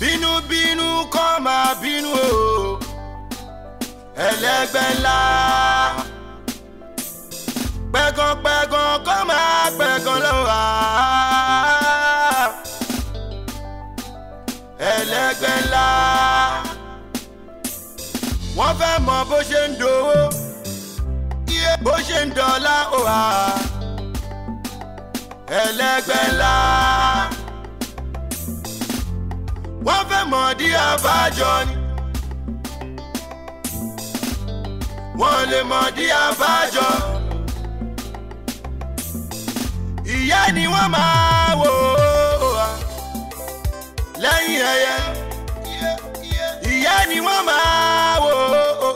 bínúbínú kọ́ máa bínú o ẹlẹ́gbẹ́ ńlá pẹ̀gànpẹ̀gàn kọ́ máa pẹ̀gàn lọ́wọ́ ẹlẹ́gbẹ́ ńlá wọ́n fẹ́ mọ bó ṣe ń dowó bó ṣe ń dọ́là o ẹlẹ́gbẹ́ ńlá wọ́n fẹ́ mọ̀ dí àbájọ ni. wọ́n lè mọ̀ dí àbájọ. ìyá ni wọ́n máa wò ó lẹ́yìn ẹyẹ. ìyá ni wọ́n máa wò ó.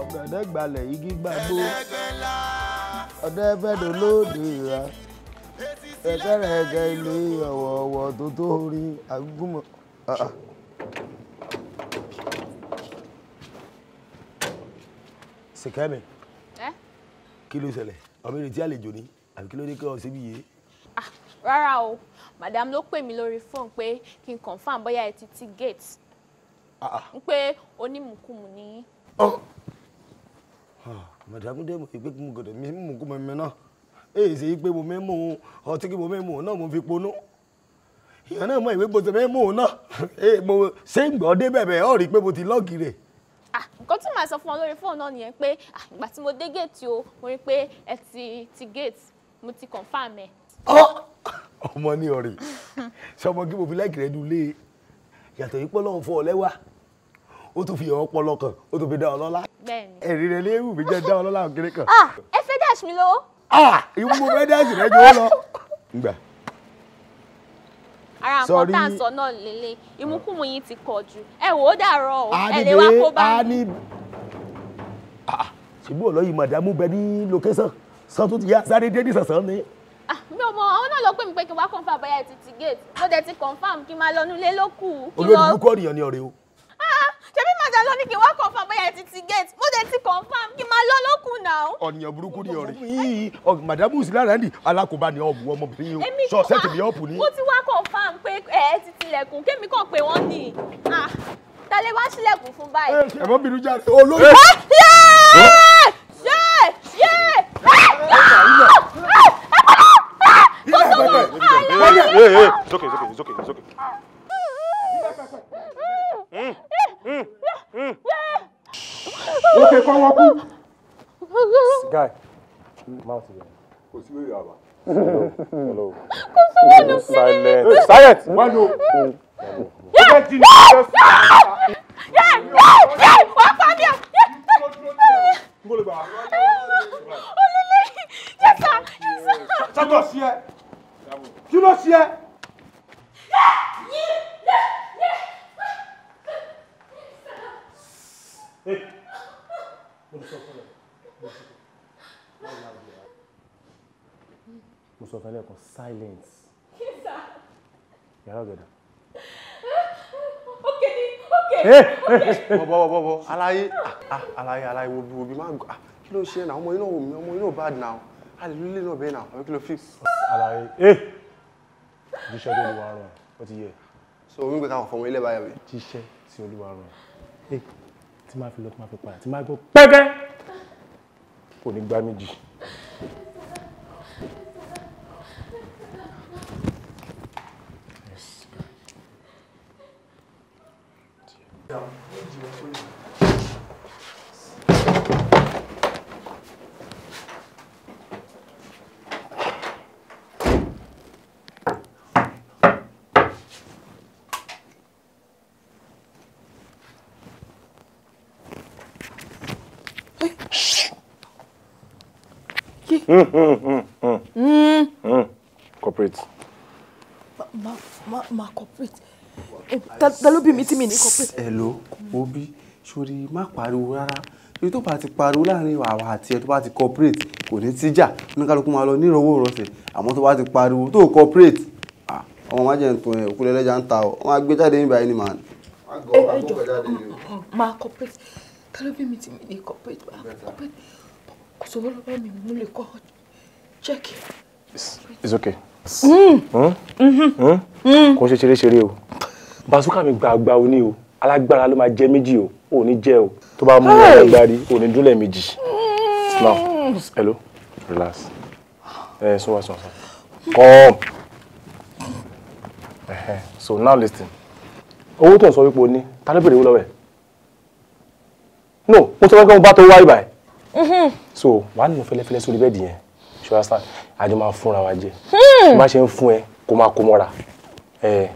ọ̀gẹ̀dẹ̀ gbalẹ̀ igi gbàgbó ọ̀dẹ́ fẹ́ dolóde ra ẹ̀kẹ́rẹ́ ẹ̀kẹ́ ilé ọ̀wọ̀ọ̀wọ̀ tó tó rí agúnmọ̀. Ṣèkẹ́mi. Ah, ah. Ẹ́. Kí ló ṣẹlẹ̀? Ọmọ ìrètí àlejò ni, àbí kí ló dé kí ọ síbí yìí? Rárá o, madam ló pè mí lórí fóònù pé kí n confam bóyá ẹ ti ti gate. Ah, n pé onímùkúmu ni. Oh. Madam dé mo ìgbé kí mo gọ̀dọ̀ mi mú kú mi náà èyí ṣe pé mo mẹ́mú ọtí kí mo mẹ́mú náà mo fi ponú èèyàn náà mọ ìwé gbọ́dọ̀ tó mẹ́mú náà mo ṣé ń gbọ́ dé bẹ̀bẹ̀ ọ̀ rí i pé mo ti lọ́ọ̀gì rẹ̀. nǹkan tí màá sọ fún ọ lórí fóònù náà nìyẹn pé ìgbà tí mo dé géètì o mo rí i pé ẹ ti ti géètì mo ti confirm ẹ. ọmọ ní ọ̀rẹ́ sọmọ kí mo fi láìkì rẹ dùn lé yàtọ̀ yìí pọ́lọ́run fún ọ lẹ́wà ó tún fi ọpọlọ kan ó tún fi dá ọ lọ́lá ẹ̀rí rẹ léwu mi jẹ́ dá ọ lọ́lá òkèrè kan. ẹ fẹ́ dash mi lówó. Ah, ìwọ mo fẹ́ dẹ́sì rẹ jọ ó lọ. ngbà. ara nǹkan tá à ń sọ náà lélẹ̀ ìmúkùmù yìí ti pọ̀ jù ẹ wò ó dàrọ o ẹ lè wá kó bá mi. Ah, ṣèbú ọlọ́yìn màdàmú bẹ ní lókẹ́sàn sàn tó ti yá sáré dé ní sàn-sàn ni ah, mi ò mọ àwọn náà lọ pè mí pé kí n wá confam bóyá ẹ ti ti gate mo dẹ̀ ti confam kí n máa lọ nílé lókù. olórí bukọ nìyàn ni ọ̀rẹ́ o ṣebí màdà lọ ní kí wá confam bóyá ẹ ti ti gate mo dẹ̀ ti confam kí máa lọ lókun náà. ọ̀nìyàn burúkú ni ọ̀rẹ́ madamu silara ni alákòóbá ni ọ̀bù ọmọbìnrin yìí sọ sẹ́ẹ̀tì mi ọ̀pù ni. ó ti wá confam pé ẹ ti tilẹ̀kùn kémi kàn pé wọ́n ní ah, tálẹ̀ wá sílẹ̀kùn fún báyìí. ẹ̀fọ́ bínú jáde olórí. yé yé yé kókó wọn. Lókè kọ́wọ́ kú. Guy, mouth again. Kò sí lórí àbá. Kò sí wẹ́nu sí. Silent. Silent. Wẹ́nu. Ó fẹ́ jí ní ọjọ́ sí. wà á pa mí à. Olele yẹsa yẹsa. Kí ló ṣe ẹ́? Kí ló ṣe ẹ́? Hey! mo sọ fún silence. kí sá. yàrá ọ̀gẹ̀dà. ókè ni ókè. bọ̀ bọ̀ bọ̀ bọ̀ aláyé ah, ah, aláyé aláyé wo bí wo bí má ah, kí ló ń ṣe náà ọmọ inú wò mí ọmọ inú ò bad náà a lè lulẹ̀ náà bẹ́ẹ̀ náà àbí kí ló fix. aláyé ee eh! jíṣẹ́ tó lè wà rọ̀ ó ti yẹ. so omi gbé káwọn fọmọ ilé báyọ̀ mi tí máa fi lọ máa fi padà tí máa gbọ́ pẹ́gẹ́ kò ní gbá méjì. Yes. corporate. ma ma ma corporate eh, ta ló bí mi tí mi ní corporate. ẹ ló obi sori Ma pariwo rárá ibi tó bá ti pariwo láàrin àwa àti ẹ tó bá ti corporate kò ní tíjà oníkálukú máa lọ nírọwọ́ rọsẹ̀ àmọ́ tó bá ti pariwo tó corporate Ah. má jẹ́ ń tún ẹ òkú lẹ́lẹ́jà ń ta ọ wọ́n á gbé jáde níbi àyè ni màá. ẹ ẹ jọ corporate ta ló bí mi tí mi ní corporate kò sówó lọ́wọ́ mi mo lè kọ́ ṣẹ́ẹ̀kì. it's okay. Mm. Hmm? Mm-hmm. Hmm? Mm. kò ṣe ṣeré ṣeré o bazooka mi gbàgbà o ní o alágbára ló máa jẹ méjì o ò ní jẹ o tó bá mú un alágbárí ò ní dúnlẹ̀ méjì. Mm. now hello relax ẹ sọ wá sọ sọ come so now listen owó tó ń sọ wípé o ní ta ló bèrè owó lọ́wọ́ ẹ̀ no mo sọ fẹ́ kí wọ́n bá tó wá ibà Mm-hmm. so wàá nù fẹlẹfẹlẹ sórí bẹ́ẹ̀dì yẹn ṣọlá star àjọ máa fúnra wa jẹ hmm. bí má ṣe ń fún ẹ kó máa kó mọ́ra ẹ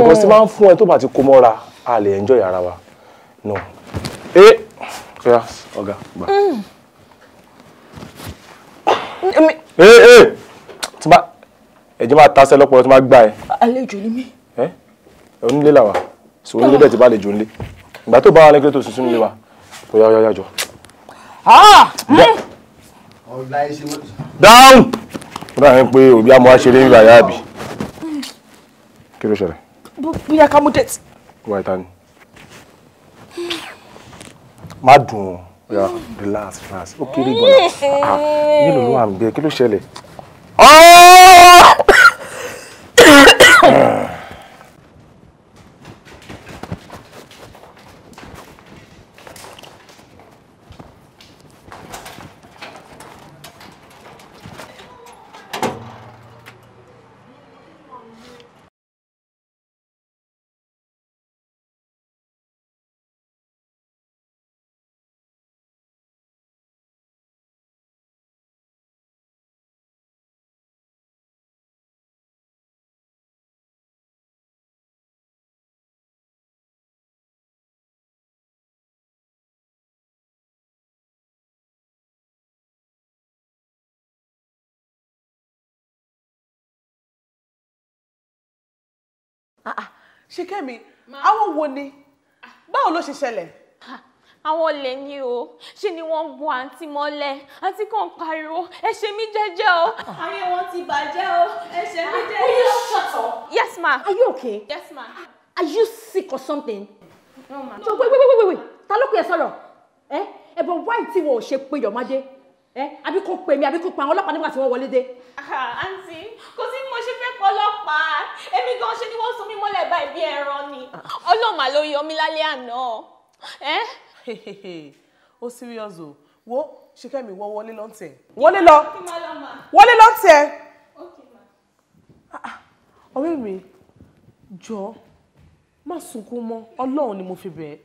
bùkọ́ sí máa ń fún ẹ tó bá ti kó mọ́ra a lè enjoy ara wa no ẹ ṣọlá ọ̀gá gbà. Hmm. ẹ ẹ tí bá ẹ̀jẹ̀ máa tasẹ́ lọ́pọ̀lọpọ̀ tí máa gbá ẹ. àlejò ni mí. ẹ onílé làwà so onílé bẹ́ẹ̀ ti bá àlejò ńlé ìgbà to bá wa lẹ́gbẹ̀ẹ́ tó sùn sínú ilé wa ó yá ó yá ó yá Ah! Hmm? dáhùn ó dàbí pé òbí àmọ́ aṣeré ńlá yá àbí kí ló ṣẹlẹ̀. bóyá ká mú dẹ́tì. wà á ta ni. má dùn ó yà relax relax ó kéré gan-an ah, ah. mélòó ló wà ń bẹ kí ló ṣẹlẹ̀. Ah, ah. ṣe kẹ́mi àwọn wo ni báwo ló ṣe ṣẹlẹ̀ àwọn ah, olè ni o ṣe ni wọ́n bu àǹtí mọ́lẹ̀ àǹtí kan pariwo ẹ ṣe mí jẹ́jẹ́ o. ayé wọn ti bàjẹ́ o ẹ ṣe mí jẹ́jẹ́ o. are you yes ma. are you okay. yes ma. are you sick or something. no ma. so wait wait wait wait wait ta ló pè é sọ̀rọ̀ ẹ ẹ bọ wáì tí wọn ò ṣe pé yọ̀mádé ẹ àbí kò pè mí àbí kò pa àwọn ọlọ́pàá nígbà tí wọ́n wọlé dé. àǹtí kò sí mo ṣe ọlọ́pàá èmi gan ṣe ni wọ́n sun mí mọ́lẹ̀ báyìí bí ẹran ni ọlọ́mà ló yọ mí lálẹ́ àná ó serious o wo ṣìkẹ́mi wọ wọlé lọ́ntẹ̀ wọlé lọ wọlé lọ́ntẹ̀ ah, ah. ọ̀rẹ́ mi jọ má sunkún mọ́ ọlọ́run ni mo fi bẹ̀ ẹ́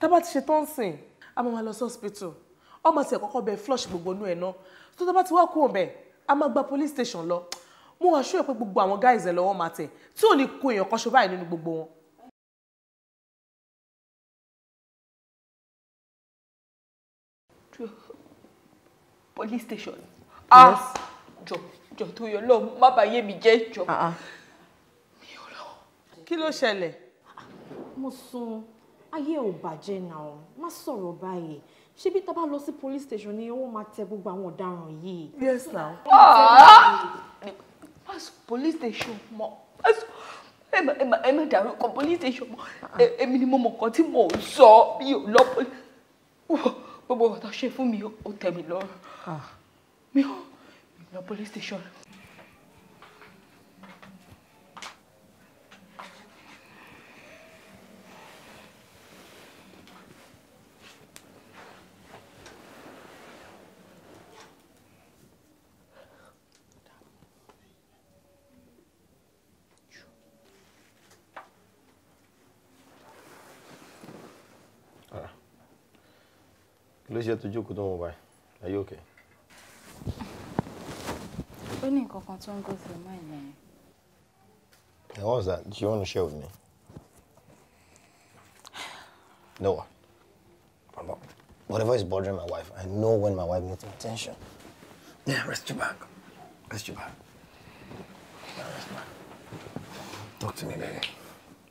tábà ti ṣe tán sìn a máa lọ sí hospital ọmọ tí ẹ̀ kọ́kọ́ bẹ flush gbogbo inú ẹ̀ náà tó tábà ti wá kúrò bẹ̀ a máa gba police station lọ mo wà ṣúyọ̀ pé gbogbo àwọn guys ẹ̀ lọ́wọ́ máa tẹ̀ tí ò ní kó èèyàn kan ṣe báyìí nínú gbogbo wọn. police station. ah jọ jọ tó yọ lọ má bàa yé mi jẹ jọ. Ah, ah. mi ò lọ. kí ló ṣẹlẹ̀. Ah, mo sùn ayé ò bàjẹ́ náà má sọ̀rọ̀ báyìí ṣebí tá a bá lọ sí police station ni owó máa tẹ gbogbo àwọn ọ̀daràn yìí. yes now pásù police station mọ́ pásù ẹ má dàrú kan police station mọ́ èmi ni mo mọ̀ kan tí mò ń sọ mi ò lọ gbogbo ọ̀tá ṣe fún mi ó tẹ̀ mí lọ́rùn ah. mi ò lọ police station. easier to jókòó tó are you okay. ó ní my what's that? Do you want to share with me? No Whatever is bothering my wife, I know when my wife needs my attention. Yeah, rest your back. Rest your back. Talk to me, baby.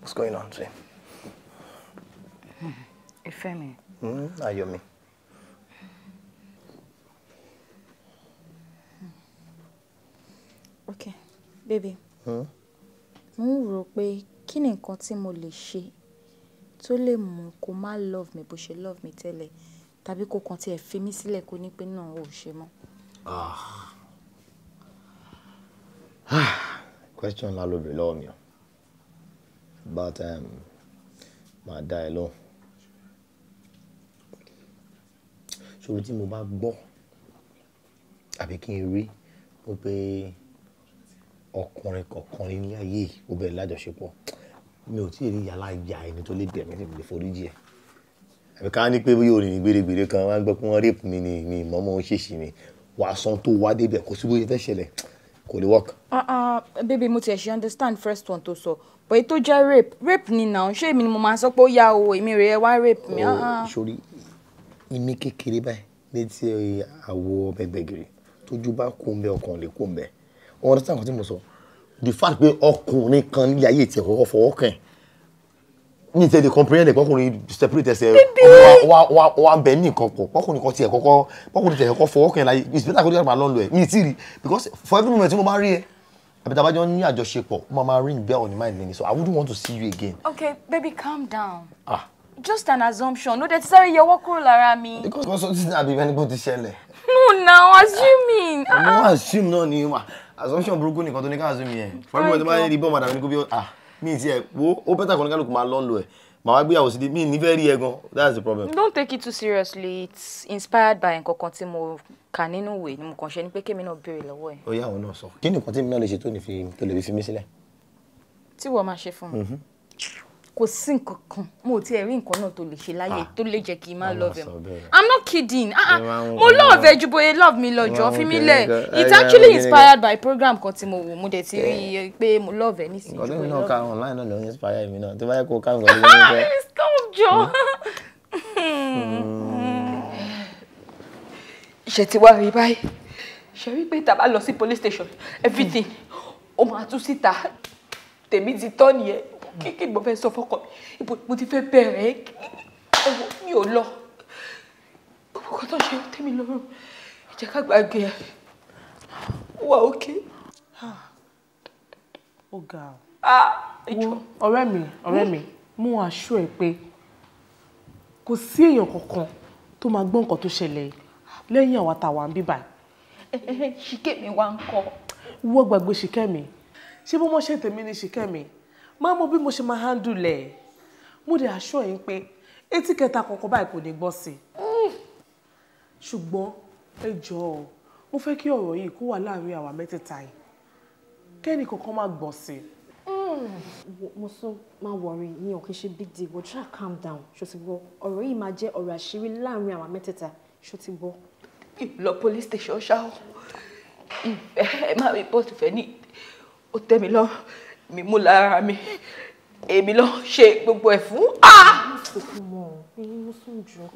What's going on, see? Ifemi. Mm, Ayomi. me? Baby, mo ń rò pé kí ni nǹkan tí mo lè ṣe tó lè mú kó má love me bó ṣe love me tẹ́lẹ̀ tàbí kó kan tí ẹ fi mí sílẹ̀ kó ní pé náà ò ṣe mọ́. Ah. Ah, question ńlá ló béèrè lọ́wọ́ mi o. But um, màá dá ẹ lóhùn. Ṣòro tí mo bá gbọ́ àbí kí n rí wípé ọkùnrin kọ̀ọ̀kan nílé ayé ó lájọṣepọ̀ mi ò tí ì rí yàrá ìyá ẹni tó lè bẹ̀rẹ̀ mi ní ìlú foríjì ẹ̀ àbí ká ní pé bóyá òrìn gbèrègbèrè kan wá ń gbọ́ pé rape mi ni mi mọ́mọ́ ó ṣèṣì mi wàá san tó wá débẹ̀ kó sí bóyá fẹ́ ṣẹlẹ̀ kò lè work. ah ah baby mo ṣe understand first one tó sọ but èyí tó jẹ́ rape rape ni náà ṣé èmi ni mo máa sọ pé ó yá o èmi rèé wá rape mi. Ah, ah. Oh, sori imi kékeré báyìí létí àwo ọbẹ̀ gbẹ̀gìrì tójú bá kó ń bẹ ọkàn lè kó ń bẹ́ẹ̀ wọn rẹ sáà kan tí mo sọ the fact pé ọkùnrin kan ní ayé tiẹ̀ kọ́kọ́ fọwọ́ kàn ní ìtẹ̀ lè comprehend ẹ̀kọ́ ọkùnrin separate ẹsẹ̀ wa wa wa bẹ̀ ní nǹkan pọ̀ ọkùnrin kan tiẹ̀ kọ́kọ́ ọkùnrin tiẹ̀ kọ́kọ́ fọwọ́ kàn láyé it's better kó tó yàgbà lọ́nlọ́ ẹ̀ mi ì tí rí because for every moment tí mo bá rí ẹ àbítabájọ́ ní àjọṣepọ̀ ó máa máa ring bell on my mind so I wouldn't want to see you again. okay baby calm down. ah just an assumption no dey ti sáré yẹwọ́ kúrò lára mi. because something na be when ibo ti ṣẹlẹ̀. no na assuming. ọmọ ah, ah. assume náà ni wà assumption burúkú nìkan tó ní káàzú mi ẹ̀ fọ́nrán mi tó rí bọ́ọ̀mù àdàmì ní kó bí ah mi ti ẹ̀ wo ó bẹ́tà kan kálukú máa lọ́ọ́ lò ẹ̀ màá wá gbéyàwó sí mi nífẹ̀ẹ́ rí ẹ gan that's the problem. don't take it too seriously it's inspired by nǹkankan tí mo kà nínú ìwé ni mo kàn ṣe ni pé kémi náà béèrè lọ́wọ́ ẹ̀. ó yá àwọn náà sọ kí nìkan tí mi náà lè ṣe tó lè fi mí sílẹ̀. tí wọ́n máa ṣe fún mi. Mm-hmm kò sí nǹkan kan mo ò tiẹ̀ rí nǹkan náà tó lè ṣe láyé ah, tó lè jẹ́ kí n má love him i'm not kidding ah ah mo love ju bóyá love mi lọ́jọ́ fi mi lẹ̀ it's actually inspired by program kan tí mo wò mo dẹ̀ ti rí eh. i pé mo love ẹ nísìnyí. nǹkan tó ń náà ka online náà ló ń inspire mi náà tó bá yẹ kó o ká nǹkan tó ń fẹ́. stop jọ. Hmm. Hmm. ṣe ti wá rí báyìí ṣe rí pé tàbá lọ sí police station everything ó máa tú síta tèmi ti tọ́ nìyẹn kí kí ni mo fẹ́ sọ fọkọ mi ibo mo ti fẹ́ bẹ̀rẹ̀ ẹ wò mi ò lọ gbogbo kan tó ṣe tẹ́mi lọ́rùn ẹ jẹ́ ká gbàgbé ẹ wà ókè. ó ga ọ ọ̀rẹ́ mi ọ̀rẹ́ mi mú aṣọ ẹ pé kò sí èèyàn kankan tó máa gbọ́ nǹkan tó ṣẹlẹ̀ lẹ́yìn àwa tá a wà ń bíbà. ṣìkẹ́ mi wá ń kọ́. wọ́n gbàgbé ṣìkẹ́ mi ṣé bó mọ́ ṣe tèmi ni ṣìkẹ́ mi máa mọ bí mo ṣe máa handle ẹ̀ mo dẹ̀ aṣọ yín pé etí kẹta kankan báyìí kò ní gbọ́ sí i ṣùgbọ́n ẹ jọ̀ọ́ mo fẹ́ kí ọ̀rọ̀ yìí kó wà láàrin àwa mẹ́tẹ̀ẹ̀ta yìí kẹ́ni kankan má gbọ́ sí i. mo sún máa wọrin ní òkè ṣe big deal but try calm down ṣòtìgbọ́ ọ̀rọ̀ yìí máa jẹ́ ọ̀rọ̀ àṣírí láàrin àwa mẹ́tẹ̀ẹ̀ta ṣòtìgbọ́. ìlọ police station ṣáà ìfẹ́ ẹ má report ìfẹ́ ní ó tẹ́ mi lọ́rùn mi mú lára mi èmi ló ṣe gbogbo ẹ̀ fún. Ah!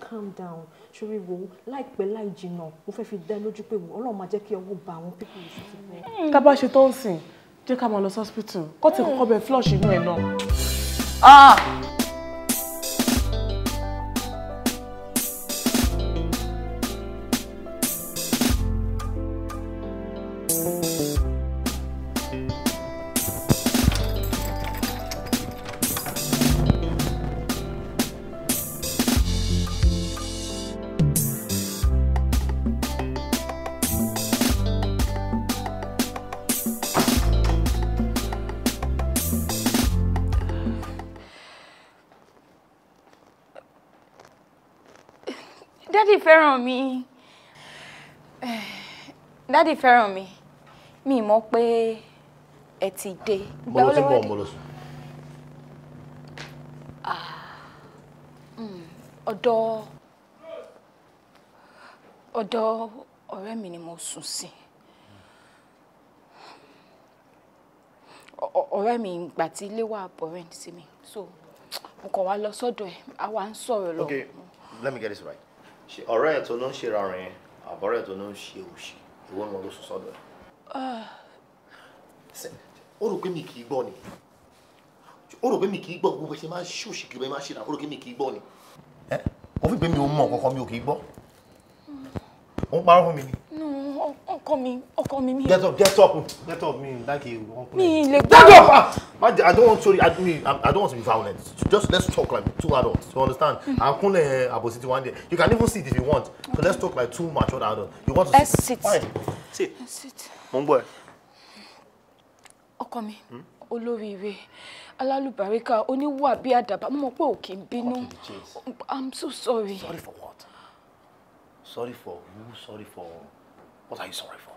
calm down ṣorí wo láìpẹ́ láì jìnnà mo fẹ́ fi dá lójú pé ọlọ́run máa jẹ́ kí ọwọ́ ba àwọn pípọ̀ yìí sí fún. tá a tó ń sìn jẹ́ ká máa lọ sí hospital kọ́kọ́ bẹ flush inú ẹ̀ náà. Ah! dádì fẹ́ràn mi mi mọ̀ pé ẹ ti dé. mo lọ sí bọ̀ mo lọ sùn. Ah, hmm, ọ̀dọ̀ ọ̀dọ̀ ọ̀rẹ́ mi ni mo sùn sí. ọ̀rẹ́ mi ìgbà tí ilé wà bọ̀rẹ̀ sí mi so mo kàn wá lọ sọ́dọ̀ ẹ̀ a wá ń sọ̀rọ̀ lọ. okay let me get this right ṣe ọ̀rẹ́ ẹ̀ tó ló ń ṣe rárẹ̀ yẹn àbọ̀rẹ́ ẹ̀ tó ló ń ṣe òṣì ìwọ náà ló sọ sọ́dọ̀ ẹ̀. o ah. rò pé mi kì í gbọ́ ni ó rò pé mi kì í gbọ́ gbogbo ẹ ṣe máa ń ṣòṣì kiri ẹ máa ṣe rà ó rò pé mi kì í gbọ́ ni. ẹ ó fi pé mi ò mọ̀ kankan mi ò kì í gbọ́ òun parọ́ fún mi ni. ọkọ mi ọkọ mi mi. get up get up get up mi like you wan play. mi le get up ah i don't want sorry i mean i don't want to be violent just let's talk like two adults you understand. akunle mm-hmm. abosi ti one day. you can even sit if you want but let's talk like two mature adults you want to sit. let's sit fine sit. let's sit. mo ń bọ̀ ẹ́. ọkọ mi hmm? olóríire alálùbáríkà oníwà bíi àdàbà mo mọ̀ pé òkè ń bínú i'm so sorry. sorry for what sorry for who sorry for what are you sorry for.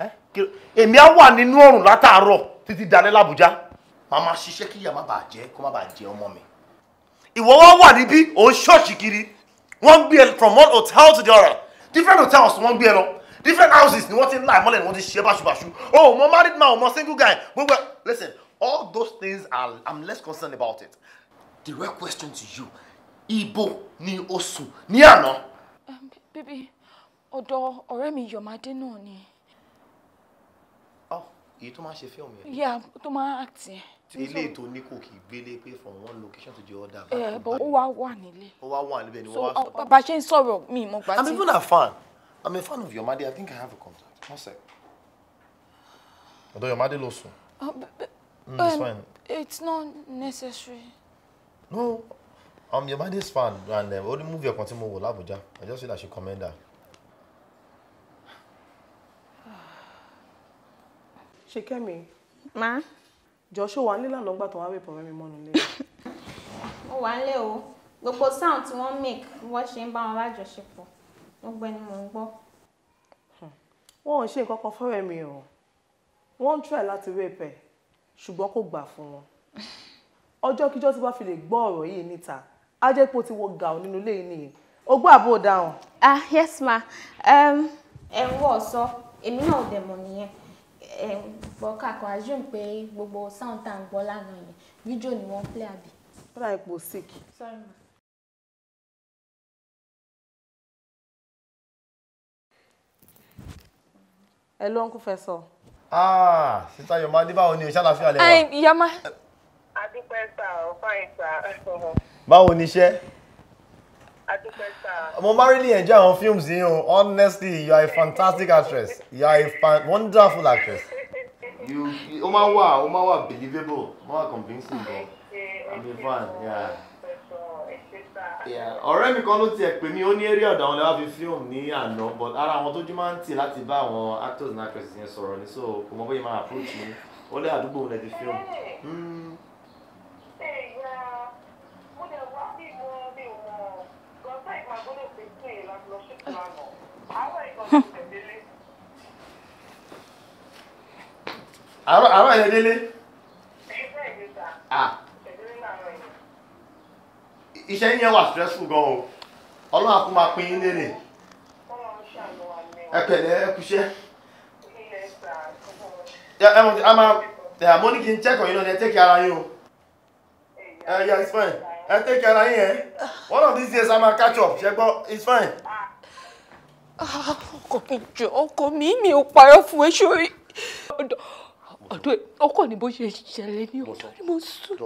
Ah. Eh? èmi á wà nínú ọrùn látàárọ̀ títí dalẹ́ làbújá màá máa ṣiṣẹ́ kí ìyá má bàa jẹ́ kó má bàa jẹ́ ọmọ mi. ìwọ wá wà níbí òun ṣọ́ọ̀ṣì kiri wọ́n gbé ẹ from one hotel to the other different hotels wọ́n gbé ẹ lọ different houses ni wọ́n ti ń láì mọ́lẹ̀ ni wọ́n ti ṣe báṣubàṣu o mo married man o mo single guy gbogbo listen all those things are i'm less concerned about it. the real question to you ibo ni osu ni ní àná. bébí ọ̀dọ̀ ọ̀rẹ́ mi Yọ̀mádé náà ni. ọ oh, èyí tó máa ṣe fíìmù yẹn. yà tó máa àtì. ilé ètò ní kò kì í gbélé pé from one location to the other. ẹ eh, bọ ó wá wà nílé. ó wá wà níbẹ̀ ni wọ́n wá sọ. bàbá uh, ṣe ń sọ̀rọ̀ mi mo gbà tí. I'm even a fan I'm a fan of Yọ̀mádé I think I have a contact one sec. ọ̀dọ̀ Yọ̀mádé ló sùn. Uh, hmm, it's um, fine. it's not necessary. no I'm um, your baddest fan and um, only movie ọ̀kan continue mo love. Oja, I just feel I should commend her. Ṣèkẹ́mi. Má. Jọ ṣó wà nílẹ̀ lọ́gbà tó wá wé pọ̀ mẹ́mi mọ́nu lé. Ó wà ń lé o. Gbogbo sound tí wọ́n make wọ́n ṣe ń bá wọn for. No, ẹni mò ń gbọ́. Wọ́n ò ṣe nǹkan kan fẹ́rẹ̀ mi o. Wọ́n ń try láti rape ẹ̀ ṣùgbọ́n kò gbà fún wọn. Ọjọ́ kíjọ́ tí bá fi lè gbọ́ ọ̀rọ̀ á jẹ́ pé o ti wọ gàù nínú ilé yìí nìyí o gbọ́ àbò dáhùn. ah yes ma ẹ ń wọ ọsọ èmi náà ò dẹ̀ mọ̀ nìyẹn ẹ ń gbọ́ kàkọ́ assume pé gbogbo sound tá à ń gbọ́ lánàá yẹn fídíò ni wọ́n ń play àbí. ó ipò sick. sorry ma. ẹ ló ń kú fẹ́ sọ. ah sísá yọmọ adébáwọ ni o ṣàlàfíà lẹ́wà. yọmọ. adúpẹ́ sá ọ̀ fáyín sá. báwo ni iṣẹ́. mo máa really enjoy àwọn films yìí o honestly you are a fantastic actress you are a fan wonderful actress. you o máa wà o máa wà believable o máa convincing gan i'm a fan. Yeah ọ̀rẹ́ mi kan ló tiẹ̀ pè mí ó ní eré ọ̀dà àwọn lẹ́wà fi fíìmù ní àná but ara àwọn tójú máa ń tì láti bá àwọn actors and actresses yẹn sọ̀rọ̀ ní so kò mọ bóyá máa approach mi ó lé àdúgbò òun lẹ ti fíìmù. àárọ̀ àárọ̀ yẹn ah iṣẹ́ yẹn wà stressful gan o ọlọ́run àkó máa pín in lérè ẹ pẹ̀lẹ́ ẹ kúṣẹ́. ẹ mọ̀ a máa ẹ̀ n check on you lọ́dẹ take o eh yeah it's fine ẹ take ara one of these days ama catch up ṣe gbọ́ it's fine. ọkọ mi jọ ọkọ mi mi ò parọ́ fún ẹ sórí ọ̀dọ̀ ọkọ ni bó ṣe ṣẹlẹ̀ ní ọ̀dọ̀ ni mo sùn.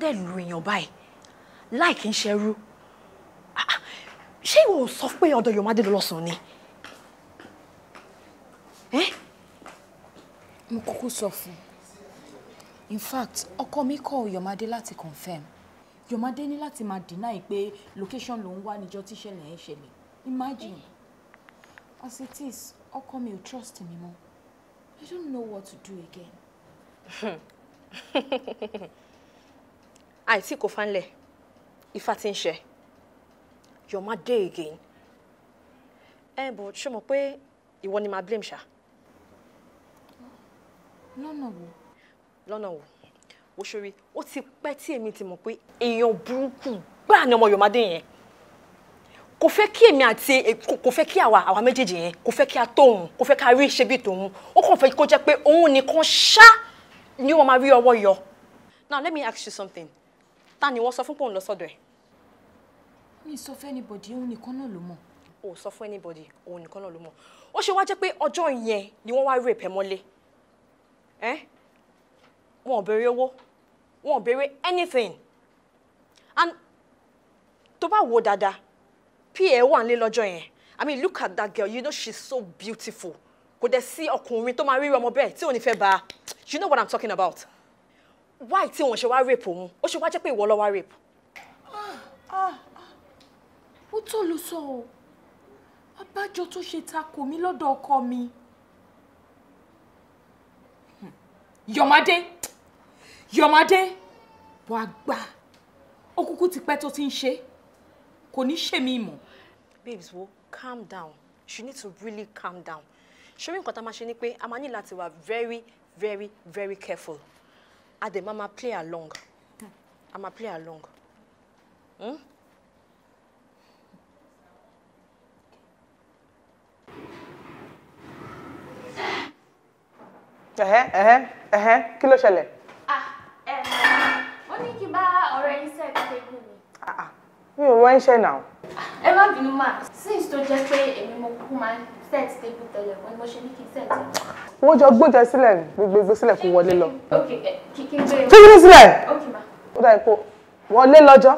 don't lu èèyàn báyìí láì kí n ṣerú ah, ah, ṣé ìwọ ò sọ pé ọ̀dọ̀ Yorùbá dé lọ́sàn-án ni. mo kúkú sọ fún in fact ọkọ mi kọ Yọ̀mádé láti confirm Yọ̀mádé ní láti máa deny pé location ló ń wá níjọ́ tíṣẹ̀lẹ̀ ẹ̀ ṣẹlẹ̀ imagine as it is ọkọ mi ò trust mi mọ́ I don't know what to do again. àìsí kò fanlẹ̀ ifá ti ń ṣe your ma dey again ẹ eh, bò ṣé mo pé ìwọ ni màá blame ṣá. lọ́nà wo. lọ́nà wo wo ṣorí ó ti pẹ́ tí èmi ti mọ̀ pé èèyàn burúkú gbáà ni ọmọ yomade yẹn kò fẹ́ kí èmi àti kò fẹ́ kí àwa àwa méjèèjì yẹn kò fẹ́ kí a tóun kò fẹ́ kí a rí ṣe bí tòun ó kàn fẹ́ kó jẹ́ pé òun nìkan ṣá ni wọ́n máa rí ọwọ́ yọ. now let me ask you something ta ni wọ́n sọ fún pòun lọ sọ́dọ̀ ẹ̀. mi sọ fún anybody òun nìkan náà ló mọ̀. o sọ fún anybody òun nìkan náà ló mọ̀ ó ṣe wá jẹ́ pé ọjọ́ yẹn ni wọ́n wá rape ẹ̀ mọ́lé ẹ́ wọn ò béèrè owó wọn ò béèrè anything and tó bá wo dáadáa pa wà nílé lọ́jọ́ yẹn i mean look at that girl you know she's so beautiful kò dẹ̀ sí ọkùnrin tó máa rí ọmọ bẹ́ẹ̀ tí ò ní fẹ́ bá you know what i'm talking about why tí wọ́n ṣe wá rape òun ó ṣe wá jẹ́ pé ìwọ ló wá rape. ó tó ló sọ o abájọ tó ṣe takò mí lọ́dọ̀ ọkọ mi. Yọ̀mádé Yọ̀mádé wà gbà ó kúkú ti pẹ́ tó ti ń ṣe kò ní ṣèmí mọ́. babes wo calm down She need to really calm down ṣé orí nǹkan tá a máa ṣe ni pé a máa ní láti wà very very very careful a dẹ̀ máa ma play along a máa play along. Hmm? eh eh. ẹ̀hẹ́ kí ló ṣẹlẹ̀. Ah, eh, wọ́n ní kí n bá ọ̀rẹ́ yín sẹ́ẹ̀ tó tẹ́gùn mi. mi ò wọ́n ń ṣe náà. Ah, ẹ since tó jẹ́ pé èmi mo kúkú máa set table tẹ́lẹ̀ mo ni mo ṣe ní kí n set table. wọ́n jọ gbóúnjẹ sílẹ̀ ní gbégbé sílẹ̀ kó wọlé lọ. Okay, ma. e. kíkí sílẹ̀. ó dà kó wọlé lọ́jọ́.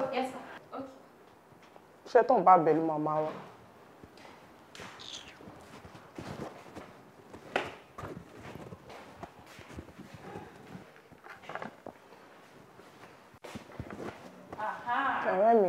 ṣé tó ń bá bẹ̀lú mama. wa. ọ̀rẹ́ mi.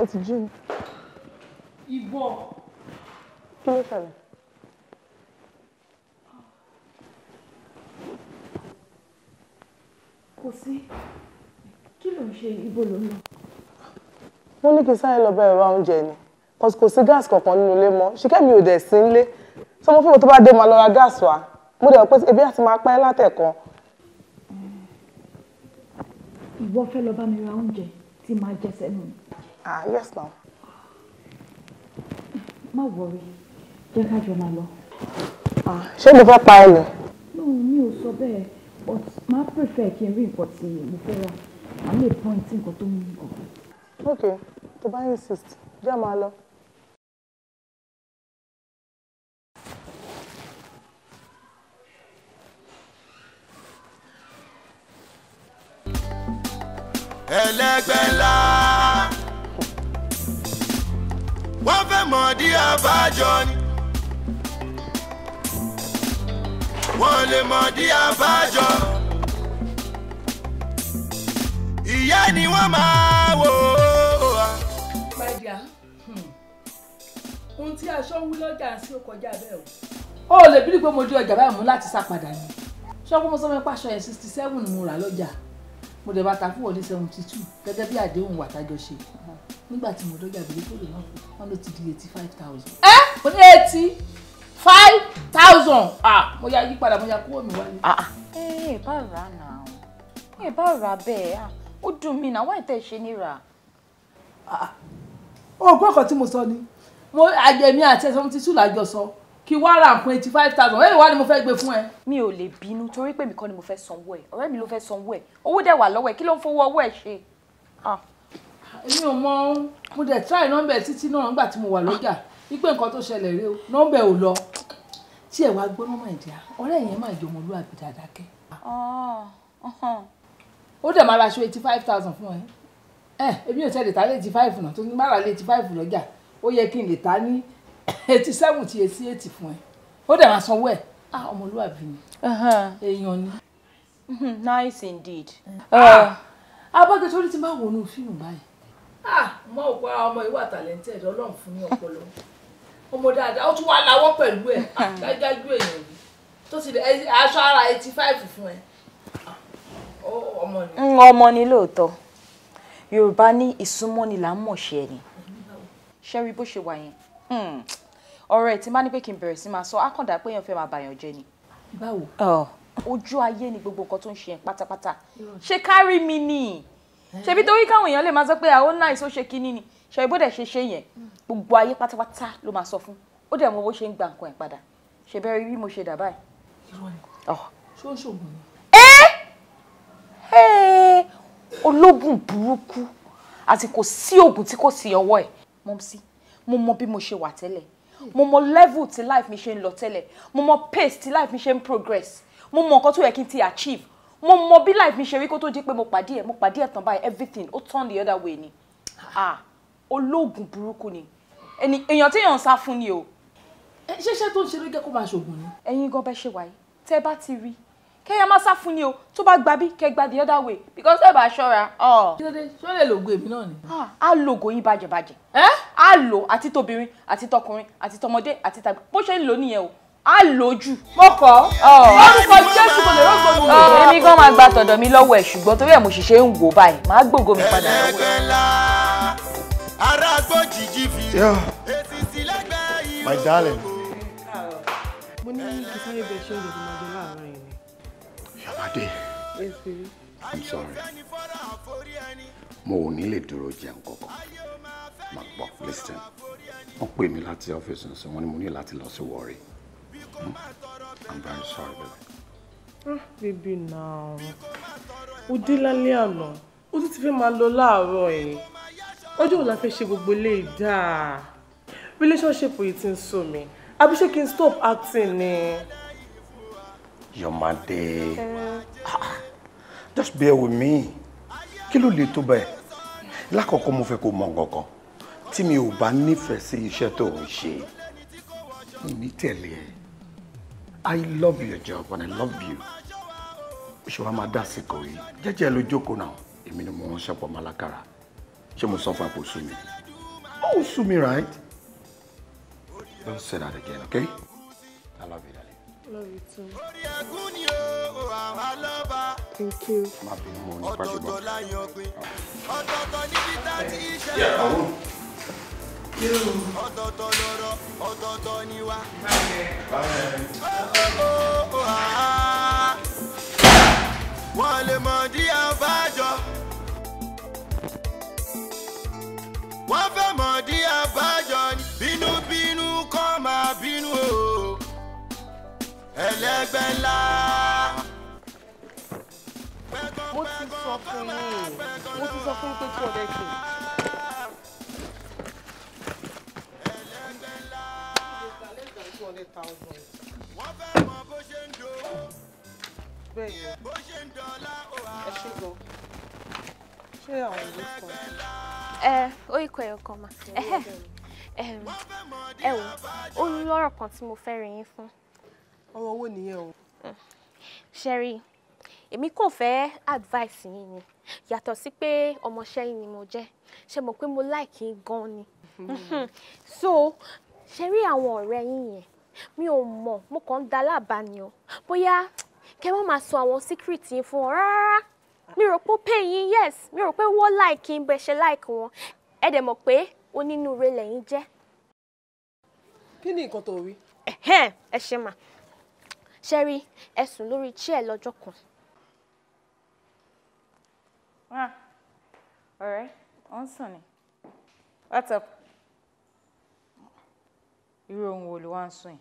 ó ti jí mi. ìbọ. kí ló ṣẹlẹ̀. kò sí kí ló ń ṣe ibo ló ń lọ. wọ́n ní kí sáré lọ bẹ̀rẹ̀ wá oúnjẹ ni cause kò sí gáàsì kankan nínú ilé mọ́ ṣìkẹ́mi ò dẹ̀ sí nílé tí mo fún mi tó bá dé máa lọ ra gáàsì wa mo dẹ̀ pé ebi àti máa pẹ́ látẹ̀kan. ìwọ fẹ́ lọ bá mi ra oúnjẹ tí màá jẹ sẹ́nu Ah, yes, ma'am. Má worry, jẹ́ ká jọ máa Ah, Ṣé mo fẹ́ pa ẹ No, mi ò sọ bẹ́ẹ̀, but máa prefer kí n rí nǹkan tí mo fẹ́ rà. Màá lè point nǹkan tó mú ọ̀gá. Ok, tó bá insist, jẹ́ máa lọ. ẹlẹgbẹ́. àbájọ ni wọ́n lè mọ̀ dí àbájọ ìyá ni wọ́n máa wò ó. my dear hmm. ohun tí aṣọ ń wí lọ́jà sí ó kọjá bẹ́ẹ̀ o ó lè bí pé mo di ọjà báyìí mú láti sá padà ni ṣọ́pọ̀ mo sọ fún pàṣọ yẹn sixty seven ni mo rà lọ́jà mo dẹ̀ bá ta fún ọ seventy two gẹ́gẹ́ bí àdéhùn wàtájọ ṣe nígbà tí mo dọ́jà àbílẹ̀ tó náà wọ́n ló ti di eighty five thousand. ẹ mo ní eighty five thousand ah mo ya yí padà mo ya kúrò mi wálé. ẹ ẹ bá rà náà ẹ bá rà bẹ́ẹ̀ ó dùn mí náà wáyé tẹ̀ ṣe níra. ọgbọ́n ọkọ̀ tí mo sọ ni mo àjẹmí àti ẹ̀sán ti sùn lájọ sọ kí wá ra nǹkan eighty five thousand ẹ̀yìn wá ni mo fẹ́ gbé fún ẹ. mi ò lè bínú torí pé mi kọ́ ni mo fẹ́ sanwó ẹ̀ ọ̀rẹ́ mi ló fẹ́ sanwó ẹ̀ owó dẹ̀ wà lọ́wọ́ ẹ̀ kí ló ń fowó ọwọ́ ẹ̀ ṣe èmi ò mọ mo dẹ̀ try nọ́mbẹ̀ títí náà nígbà tí mo wà lọ́jà wípé nǹkan tó ṣẹlẹ̀ rí o nọ́mbẹ̀ ò lọ tí ẹ wá gbóná mọ̀ ẹ̀dá ọ̀rẹ́ yẹn máa jọ ọmọlúwàbí dáadáa kẹ́. ó dẹ̀ máa ra aṣọ eighty five thousand fún ẹ ẹ èmi ò tẹ́ lè ta lé eighty five náà tó ní mára lé eighty five lọ́jà ó yẹ kí n lè ta ní eighty seven ti eighty eight fún ẹ ó dẹ̀ máa sanwó ẹ̀ ah ọmọlúwàbí ni èèyàn ni. nice indeed. Ah. abọ́dé torí ti máa wọnú fíìmù báyìí Ah, mọ òkú ọmọ ìwà talented ọlọ́run fún ní ọpọlọ ọmọ dáadáa ó tún wà láwọ́ pẹ̀lú ẹ̀ dájájú ah, èèyàn yìí tó ti dẹ aṣọ ara eighty five fún ẹ ah, ọmọ ni. Mm, ọmọ ni lóòótọ́ yorùbá ní ìsúnmọ́ ni là ń mọ̀ ṣe ẹni ṣe rí bó ṣe wà yẹn hmm. ọ̀rọ̀ ẹ̀ tí má ní pé kí n bẹ̀rẹ̀ sí máa sọ ákàndá pé èèyàn fẹ́ máa bàyàn jẹ ni. báwo. ojú ayé ni gbogbo nǹkan tó ń ṣe yẹn pátápátá ṣé kárí mi nìyí Eh. ṣebí torí káwọn èèyàn lè máa sọ pé àwọn náà ìṣó ṣe kínní ni ṣe bó dẹ̀ ṣe ṣe yẹn hmm. gbogbo ayé pátápátá ló máa sọ fún ó dẹ̀ mọ owó ṣe ń gba nǹkan ẹ̀ padà ṣe bẹ́ẹ̀ bí mo ṣe dà báyìí. irọ́ ni oh. ni. ẹ ológun burúkú àti kò sí oògùn tí kò sí ọwọ́ ẹ̀ mọ́mísí mo mọ bí mo ṣe wà tẹ́lẹ̀ hmm. mo mọ level tí life mi ṣe ń lọ tẹ́lẹ̀ mo mọ pace tí life mi ṣe ń progress mo mọ nǹkan tó yẹ kí n ti achieve mo mọ bí life mi ṣe rí kó tó di pé mo pàdé ẹ mo pàdé ẹ tán báyìí everything ó turn the other way ni ah olóògùn burúkú ni ẹni èèyàn tí èèyàn ń sá fún ni o. ṣẹṣẹ tó ń ṣe ló jẹ kó máa ṣoògùn ni. ẹ̀yin gan bẹ ṣe wáyé tẹ bá ti rí kẹyàn má sá fún ni o tó bá gba bí kẹ gba the other way because ẹ bá ṣọ́ra. kílódé ṣó lè lògùn èmi náà ni. a lo ògùn yín bàjẹ́ bàjẹ́ a lo àti tobìnrin àti tọkùnrin àti tọmọdé àti tàgbà bó ṣe ń lò nìyẹn o á lójú. mo kọ́ orúkọ jésù kò lè rọ́gbọ̀n mi. èmi gan máa gba tọ̀dọ̀ mi lọ́wọ́ ẹ̀ ṣùgbọ́n torí ẹ̀ mo ṣì ṣe ń wò báyìí màá gbògo mi padà lọ́wọ́ ẹ̀. my darling. mo ní kí sáré bẹ ṣe òjò máa jẹ láàárọ̀ yìí ni. yamade i'm sorry mo ò ní lè dúró jẹun kankan máa gbọ́ listen wọ́n pè mí láti ọ́fíìsì nsọ wọ́n ní mo ní láti lọ sí wọ́ọ̀rì. I'm very sorry, baby. Ah, baby now. O dé lálẹ́ àná. O tún ti fẹ́ máa lọ láàárọ̀ ẹ̀. Ọjọ́ wo la fẹ́ ṣe gbogbo ilé dáa? Relationship yìí ti so sú mi. Àbí ṣé kí stop acting ni? Yomade, ah, just bear with me. Kí ló lè tó bẹ́ẹ̀? Lákọ̀ọ́kọ́ mo fẹ́ kó mọ nǹkan kan tí mi ò bá nífẹ̀ẹ́ sí iṣẹ́ tó ń ṣe. Mi ní I love your job and I love you. Ṣé wàá máa dá àsìkò yìí? Jẹ́jẹ́ ló jókòó náà. Èmi ni mo ń ṣọ̀pọ̀ Malakara. Ṣé mo sọ fún àpò sú mi? Ó sú mi, right? Don't say that again, okay? I love you, darling. Love you too. Thank you. Má bínú mo ní pàṣẹ bọ́. Ọ̀tọ̀ọ̀tọ̀ láyọ̀ pé oh. ọ̀tọ̀ọ̀tọ̀ níbi tá a ti ṣe. Yeah, I won't ọ̀tọ̀ọ̀tọ̀ wọ́n fẹ́ mọ̀ dí àbájọ ni bínúbínú kọ́ máa bínú o ẹlẹ́gbẹ́ ńlá. mo ti sọ fún yín mo ti sọ fún pé kí ọ̀rẹ́ kìí. thousand. wọ́n fẹ́ mọ bó ṣe ń dòwó. bẹ́ẹ̀ ni ẹ ṣe ó ní ọ̀rọ̀ kan tí mo fẹ́ rí yín fún. ọ̀rọ̀ wo nìyẹn o. ṣẹ́rí èmi kò fẹ́ advice yín ni yàtọ̀ sí pé ọmọọṣẹ́ yín ni mo jẹ́ ṣe mọ̀ pé mo like yín gan ni so ṣe rí àwọn ọ̀rẹ́ yín yẹn mi ò mọ̀ mo kàn ń da lábàá ni o bóyá kẹ́ má máa sọ àwọn secret yín fún wọn rárá mi rò pé ó pè yes mi rò pé wọ́n láìkí ń bẹ̀ṣẹ̀ láìkí wọn ẹ dẹ̀ mọ̀ pé onínúure lẹ́yìn jẹ́. kí ni nǹkan tó wí. ẹ ṣe mà ṣe rí ẹ̀sùn lórí chair lọ́jọ́ kan. ọ̀rẹ́ ọ̀ ń ni what's up irú ohun wo ló wá ń sùn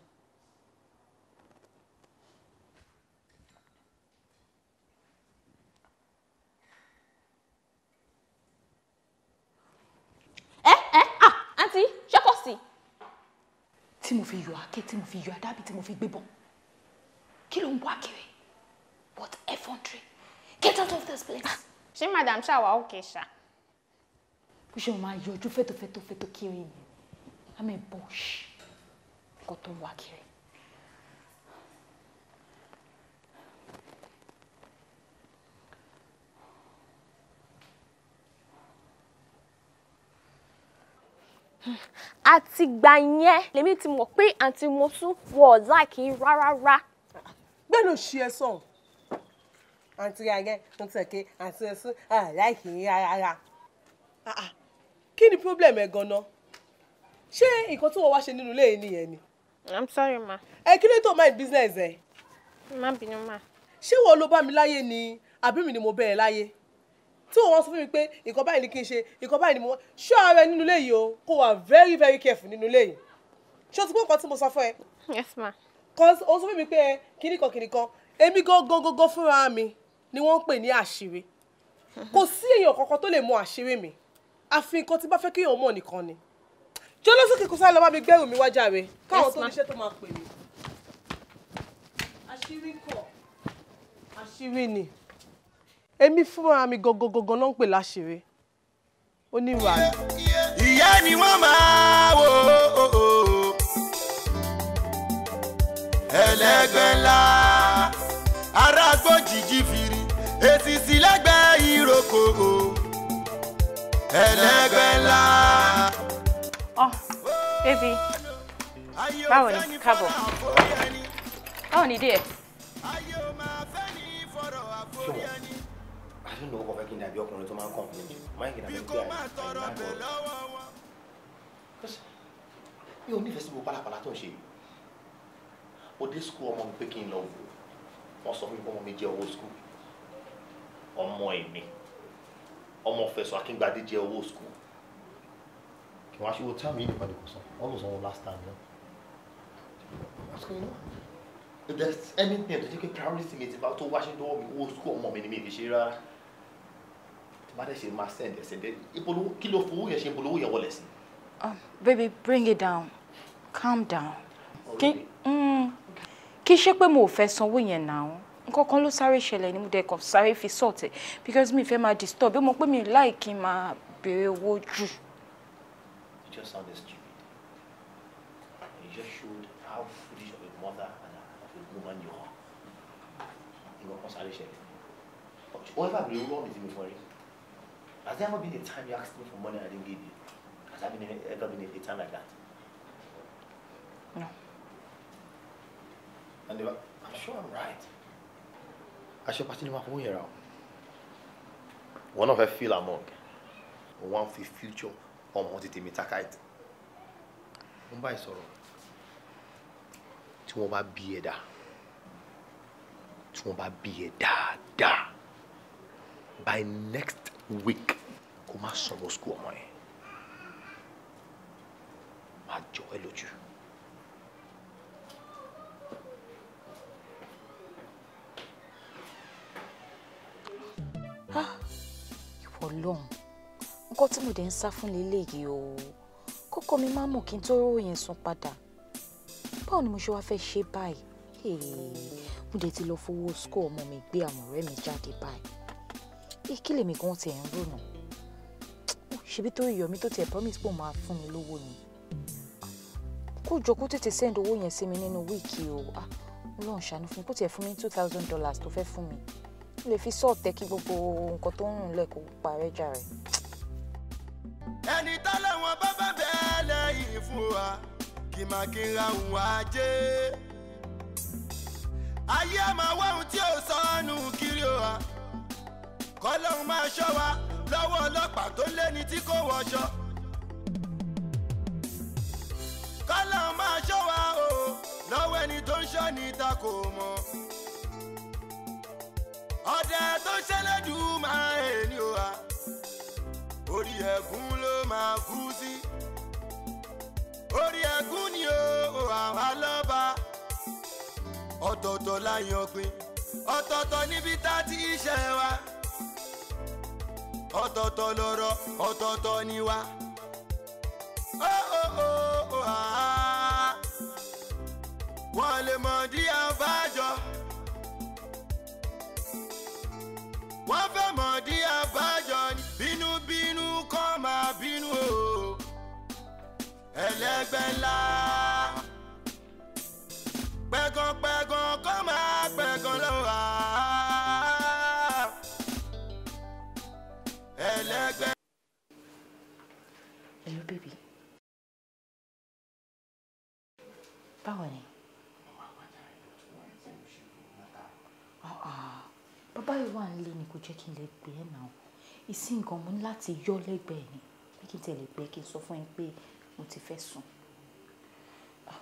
tí mo fi yọ àáké tí mo fi yọ àdábì tí mo fi gbébọn kí ló ń wá kiri what effrontery get out of this place. Ah, ṣé madam ṣàwà òkè ṣá. bí ṣe mo máa yọjú fẹ́tọ̀fẹ́tọ̀ fẹ́tọ̀ kiri ni i'm a bush nǹkan tó ń wá kiri. àtìgbà yẹn lèmi ti mọ̀ pé àǹtí mo tún wọ̀ láìkí rárá. gbẹ́nu ṣí ẹ sọ̀rọ̀ àǹtí agẹ́ ń tẹ̀ké àǹtí ẹ̀sùn láìkí rárá. Ah, ah. kí ni problem ẹ gan-an ṣé nǹkan tó wọ́n wá ṣe nínú ilé yìí nìyẹn ni i'm sorry ma. ẹ kí ló tó mind business ẹ. má bínú ma. ṣé wọn ló bá mi láyé ni àbí mi ni mo bẹ̀rẹ̀ láyé tí wọn sọ fún mi pé nǹkan báyìí ni kí n ṣe nǹkan báyìí ni mo ṣọ́ ara ẹ nínú ilé o kó wà very very careful nínú ilé yìí ṣé o ti gbọ́ nǹkan tí mo sọ fún ẹ. yes ma. cause o sọ fún mi pé kinní kan kinní kan èmi gangan gangan fúnra mi ni wọ́n ń pè ní àṣírí kò sí èèyàn kankan tó lè mọ àṣírí mi àfi nǹkan tí bá fẹ́ kéèyàn mọ̀ nìkan ni jọ lọ́sọ̀kè kó sáré lọ bá mi gbẹ́rù mi wájà rẹ̀ káwọn tó níṣẹ́ tó máa pè mí. àṣírí kọ̀ àṣírí ni èmi fúnra mi gangan ló ń pè láṣìírí oníwà. ìyá ni wọ́n máa wò ó oh, oh, oh. ẹlẹ́gbẹ́ ńlá ará gbòjìjì fìrí èsì sílẹ̀gbẹ́ ìrókò ẹlẹ́gbẹ́ ńlá. Oh, baby. Báwo ni? Káàbọ̀. Báwo ni díẹ̀? Ṣé I don't know wọ́n fẹ́ kí n dàbí ọkùnrin tó máa ń kọ̀ǹpìn jù. Máyì kì í dàbí pé àìsàn náà bọ̀. Mi ò nífẹ̀ẹ́ sí gbogbo pálapàla tó ń ṣe yìí. Ó dé skul ọmọ mi pé kí n lọ wò. Wọ́n sọ fún mi pé ọmọ mi jẹ́ owó skul. Ọmọ Why she will tell me anybody was on. All was on last time, you know. What's going on? If there's anything to take priority me, it's about to wash it all old school mom in me, she rara. Tí bá dẹ̀ ṣe máa send ẹ̀ sẹ́dẹ̀. Ìpolówó kí ló fowó yẹn ṣe ìpolówó yẹn baby, bring it down. Calm down. Okay. Oh, kí mm. ṣe mo ò fẹ́ sanwó yẹn now. nǹkan kan ló sáré ṣẹlẹ̀ ní mo dẹ̀ kàn sáré fi sọ̀tẹ̀ because mi fẹ́ máa disturb mo pé mi láì kí n máa béèrè owó jù just sounded stupid. It just showed how foolish of a mother and of a woman you are. You know, However, we will always be worried. Has there ever been a time you asked me for money I didn't give you? Has there been ever been a time like that? No. And they were, I'm sure I'm right. I should pass my whole year out. One of her feel among. One for future ọmọ tètè mi takaiti mo bá yìí sọ̀rọ̀ tí wọ́n bá bí ẹ dá tí wọ́n bá bí ẹ dáadáa by next week kó má sanwó sukú ọmọ yẹn máa jọ ẹ lójú. Ah, ìwọ lọ́hùn-ún nǹkan tí mo dẹ̀ ń sá fún lélẹ́yìí o kókó mi máa mọ̀ kí n tó ròyìn sùn padà báwo ni mo ṣe wá fẹ́ ṣe báyìí mo dẹ̀ ti lọ fowó school ọmọ mi gbé àwọn ọ̀rẹ́ mi jáde báyìí kí lèmi gan ti ẹ̀ ń rònà ṣebí tó yọ mi tó tiẹ̀ promise pò máa fún mi lówó ni kó jọ kó tètè send owó yẹn sí mi nínú wíìkì o ah, ọlọ́run ṣàánú fún mi kó tiẹ̀ fún mi two thousand dollars tó fẹ́ fún mi lè fi sọ́ọ̀tẹ́ kí gbogbo nǹkan tó ń rùn lẹ̀ kó parẹ́ jàre. fún wa kì má kí n ra òun ajé. ayé máa wá ohun tí ò sọnù kiri o wa kọ́lọ́hún máa ṣọ́ wa lọ́wọ́ ọlọ́pàá tó léni tí kò wọṣọ. kọ́lọ́hún máa ṣọ́ wa o lọ́wọ́ ẹni tó ń ṣọ́ ní ta kò mọ̀. ọ̀dẹ tó ṣẹlẹ̀ dùn máa ń ní o wa orí ẹ̀gún ló máa kú sí. Si orí ẹ̀gún ni o àwa lọ́ba ọ̀tọ̀ọ̀tọ̀ la yan pin ọ̀tọ̀ọ̀tọ̀ níbi tá a ti ṣẹ̀ wa ọ̀tọ̀ọ̀tọ̀ lọ̀rọ̀ ọ̀tọ̀ọ̀tọ̀ ni wa ó ó ó ó àá wọn lè mọ̀ dí àbájọ. wọ́n fẹ́ mọ̀ dí àbájọ ni bínúbínú kọ́ máa bínú o ẹlẹ́gbẹ́ ńlá pẹ̀gànpẹ̀gàn máa pẹ̀gàn lọ́wọ́ ẹlẹ́gbẹ́. hello baby báwo ni. bàbá yìí wà nílé ni kò jẹ́ kí n lè gbé ẹ̀ náà ìsìn nǹkan mo ní láti yọ lẹ́gbẹ̀ẹ́ ni pé kí n tẹ̀lé gbé kí n sọ fún ẹ pé mo ti fẹ́ sùn ah,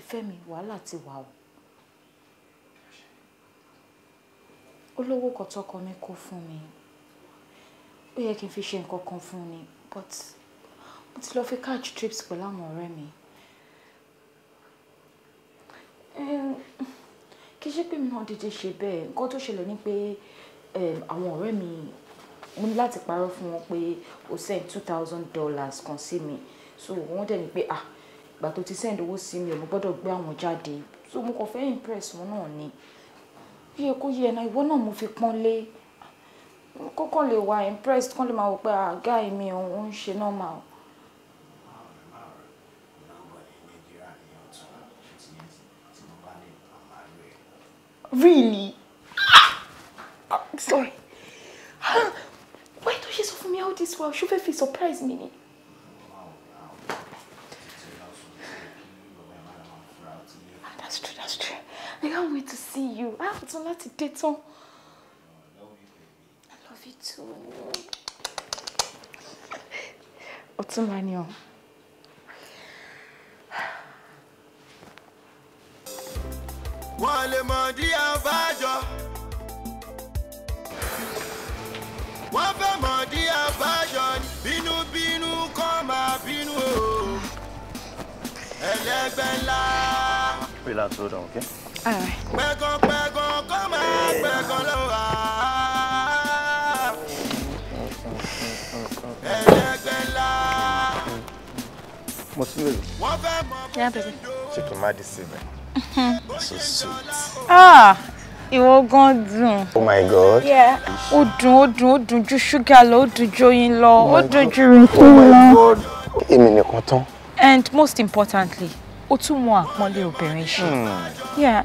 ìfẹ́ mi wàhálà ti wà o olówó kan tọkọ mi kó fún mi ó yẹ kí n fi ṣe nǹkan kan fún ni but mo ti lọ fi catch trips pẹ̀lú àwọn ọ̀rẹ́ mi kì í ṣe pé mi náà dídí ṣe bẹ́ẹ̀ nǹkan tó ṣẹlẹ̀ ni pé àwọn ọ̀rẹ́ mi mo ní láti parọ́ fún wọn pé ó send two thousand dollars kan sí mi so wọ́n dẹ̀ ní pé ah ìgbà tó ti send owó sí mi ò mo gbọ́dọ̀ gbé àwọn jáde so mo kàn fẹ́ impress wọn náà ni bí ẹ kó yẹ ẹ náà ìwọ náà mo fi pọ́n lé kọ́kọ́ lè wà impressed kán lè máa wò pé àgá ah, mi òun ṣe normal. Really? I'm ah, sorry. Ah, why don't you sọ fún mi how this while? Ṣó fẹ́ fi surprise mi ni? Astrid, I can't wait to see you. Ah, I have to láti dé on. I love you too. Otumanion. Wọ́n lè mọ̀ dí àbájọ. Wọ́n fẹ́ mọ̀ dí àbájọ ni. Bínúbínú kọ́ máa Relax, hold on, okay? All right. Pẹ̀gàn pẹ̀gàn kó máa pẹ̀gàn ló wà. Ẹlẹ́gbẹ̀lá. Mo sí lè. Wọ́n fẹ́ mọ bó ṣe dó. Ṣé kì í má dì sí mi? So sweet. Ah! Ìwọ gan dùn. Oh my god. Yeah. Ó do, do, do, do dùn ju ṣúgà lọ ó dùn ju do lọ oh ó dùn ju rìnkì oh lọ. Èmi nìkan tán. And most importantly, ó tún mọ àpọ́nlé obìnrin ṣe. Hmm. yeah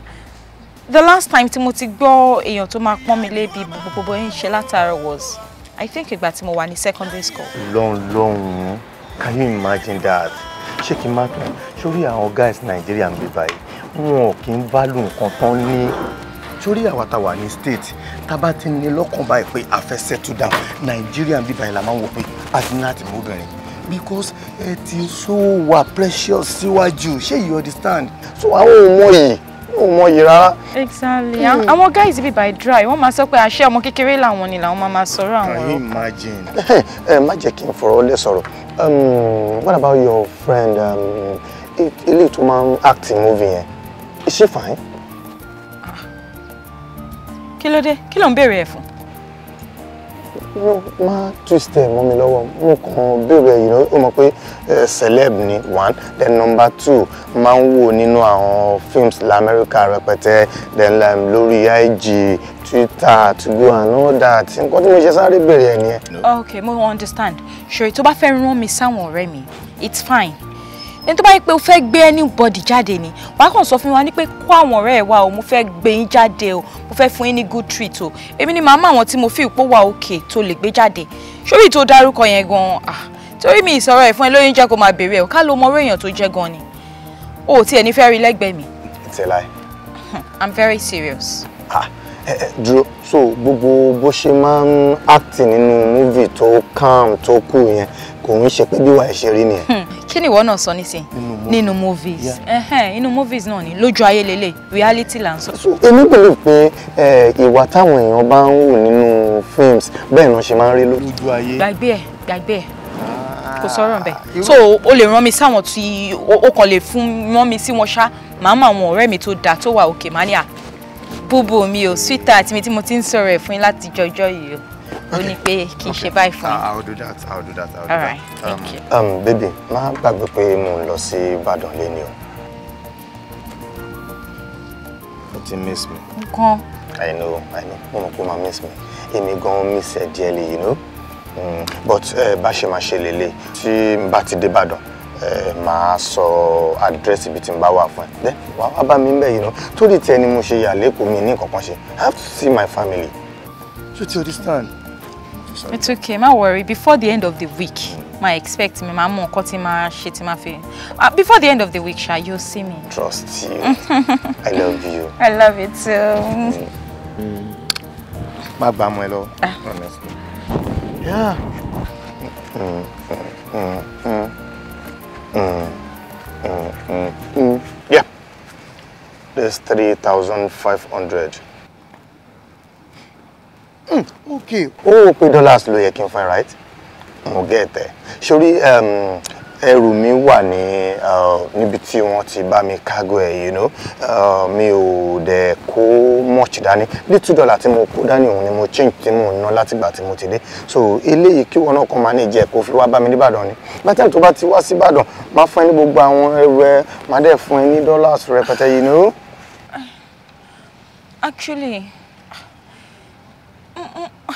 the last time tí mo ti gbọ́ èèyàn tó máa pọ́n mi lébi gbogbo ń ṣe látara was i think ìgbà tí mo wà ní secondary school. Long long. can you imagine that ṣé kí n má guys Nigerian be by. báyìí wọn ò kí ń válù nǹkan tán ní sórí àwa tá wà state tá bá ti ní lọ́kàn báyìí pé a fẹ́ settle down Nigerian be by báyìí la máa ń wò pé a ti because it is so wà precious síwájú ṣé you understand so àwọn ò mọ yìí hmm. ò mọ yìí rárá. exactly hmm. àwọn guys bí by dry wọn máa sọ pé àṣẹ ọmọ kékeré làwọn ni làwọn máa máa sọ̀rọ̀ àwọn. can you imagine. ẹ eh, ẹ eh, má jẹ́ kí n fọ̀rọ̀ lé sọ̀rọ̀ um, what about your friend ilé um, e- tó máa ń act in movie yẹn is she fine. Ah. kí ló dé kí ló ń béèrè ẹ̀ fún má twist ẹ̀ mọ́ mi lọ́wọ́ mo kàn béèrè yìí lọ ó mọ̀ pé eh, celeb ni one then number two máa ń wò nínú àwọn films lamẹ́ríkà rẹpẹtẹ then um, lórí ig twitter tugu and all that nǹkan tí mo ṣe sáré béèrè ẹ̀ nìyẹn. ok mo understand ṣòro tó bá fẹ́ rán mi sáwọn ọ̀rẹ́ mi it's fine ẹni tó bá yẹ pé o fẹ́ gbé anybody jáde ni wàá kàn sọ fún wa ní pé kó àwọn ọ̀rẹ́ ẹ̀ wá o mo fẹ́ gbé yín jáde o mo fẹ́ fún yín ní good treat o èmi ni màá mọ àwọn tí mo fi ìpó wa òkè tó lè gbé jáde sórí tó dárúkọ yẹn gan ah torí mi ìsọ̀rọ̀ ẹ̀ fún ẹ lóyún jẹ́ kó máa béèrè o ká ló mọ orí èèyàn tó jẹ́ gan ni o ò tiẹ̀ ní fẹ́ rí lẹ́gbẹ̀ẹ́ mi. It's a lie. Hmm, I'm very serious. ah dúró so gbogbo bó ṣe máa ń act nínú movie tó calm tó cool yẹn kò ń ṣe pé bíwà ẹ̀ṣẹ̀ rí nìyẹn. Hmm. kí ni ìwọ náà sọ nísìn nínú movies inú movies náà ni lójú ayé lélẹ̀ reality là ń sọ. so èmi believe pé ìwà táwọn èèyàn bá ń wù nínú films bẹ́ẹ̀ náà ṣe máa ń rí lójú ayé. gbàgbé ẹ gbàgbé ẹ ah. kò sọ̀rọ̀ bẹ́ẹ̀ so o lè rán mi sáwọn tí o kàn lè fún rán mi sí wọn ṣá màá mọ àwọn ọ̀rẹ́ mi tó dáa tó wà òkè màá ní à búbù mi o sweetheart mi tí mo ti ń sọ̀rọ̀ ẹ̀ fún yín láti jọjọ́ yìí ó ní pé kí n ṣe báyìí fún yín. Ah, I'll do that I'll do that All right, thank um, you. Um, baby má gbàgbé pé mo ń lọ sí Ìbàdàn lẹ́ni o. o ti miss me. nǹkan. I know I know mo mọ̀ pé o máa miss me èmi gan-an miss ẹ̀ díẹ̀ lè yìí no but eh, bá ṣe máa ṣe lélẹ̀ tí n bá ti dé Ìbàdàn ẹ máa sọ àdírẹ́sì ibi tí n bá wà fún ẹ dẹ wàá wá bá mi ń bẹ̀ yìí náà torí tiẹ̀ ni mo ṣe yà mi ní kankan ṣe i have to see my family. you ti understand. time, it's okay ma worry before the end of the week ma hmm. expect mi ma mọ nǹkan tí ma ṣe tí ma fi ah, before the end of the week ṣá you see me. trust you i love you. i love you too. Hmm. má gbà mọ́ ẹ lọ. Ah. Yeah. Mm, mm, mm, mm. Mm, mm, mm, mm. Yeah. There's 3,500. Mm, okay. oh, pé dollars ló yẹ kí n find right? Mo get ẹ̀. Sori um, ẹrù mi wà ní uh, níbi tí wọ́n ti bá mi kágò ẹ̀ you know uh, mi ò dẹ̀ kó much dání ní two dollar tí mo kó dání òun ni mo change tí mo ná látìgbà tí mo ti dé so eléyìí kí wọn náà kàn máa ní jẹ kó fi wá bá mi nìbàdàn ni bàtà tó bá ti wá síbàdàn máa fún ẹ ní gbogbo àwọn ẹrù ẹ máa dẹ̀ fún ẹ ní dollars rẹpẹtẹ you know. actually mm, mm,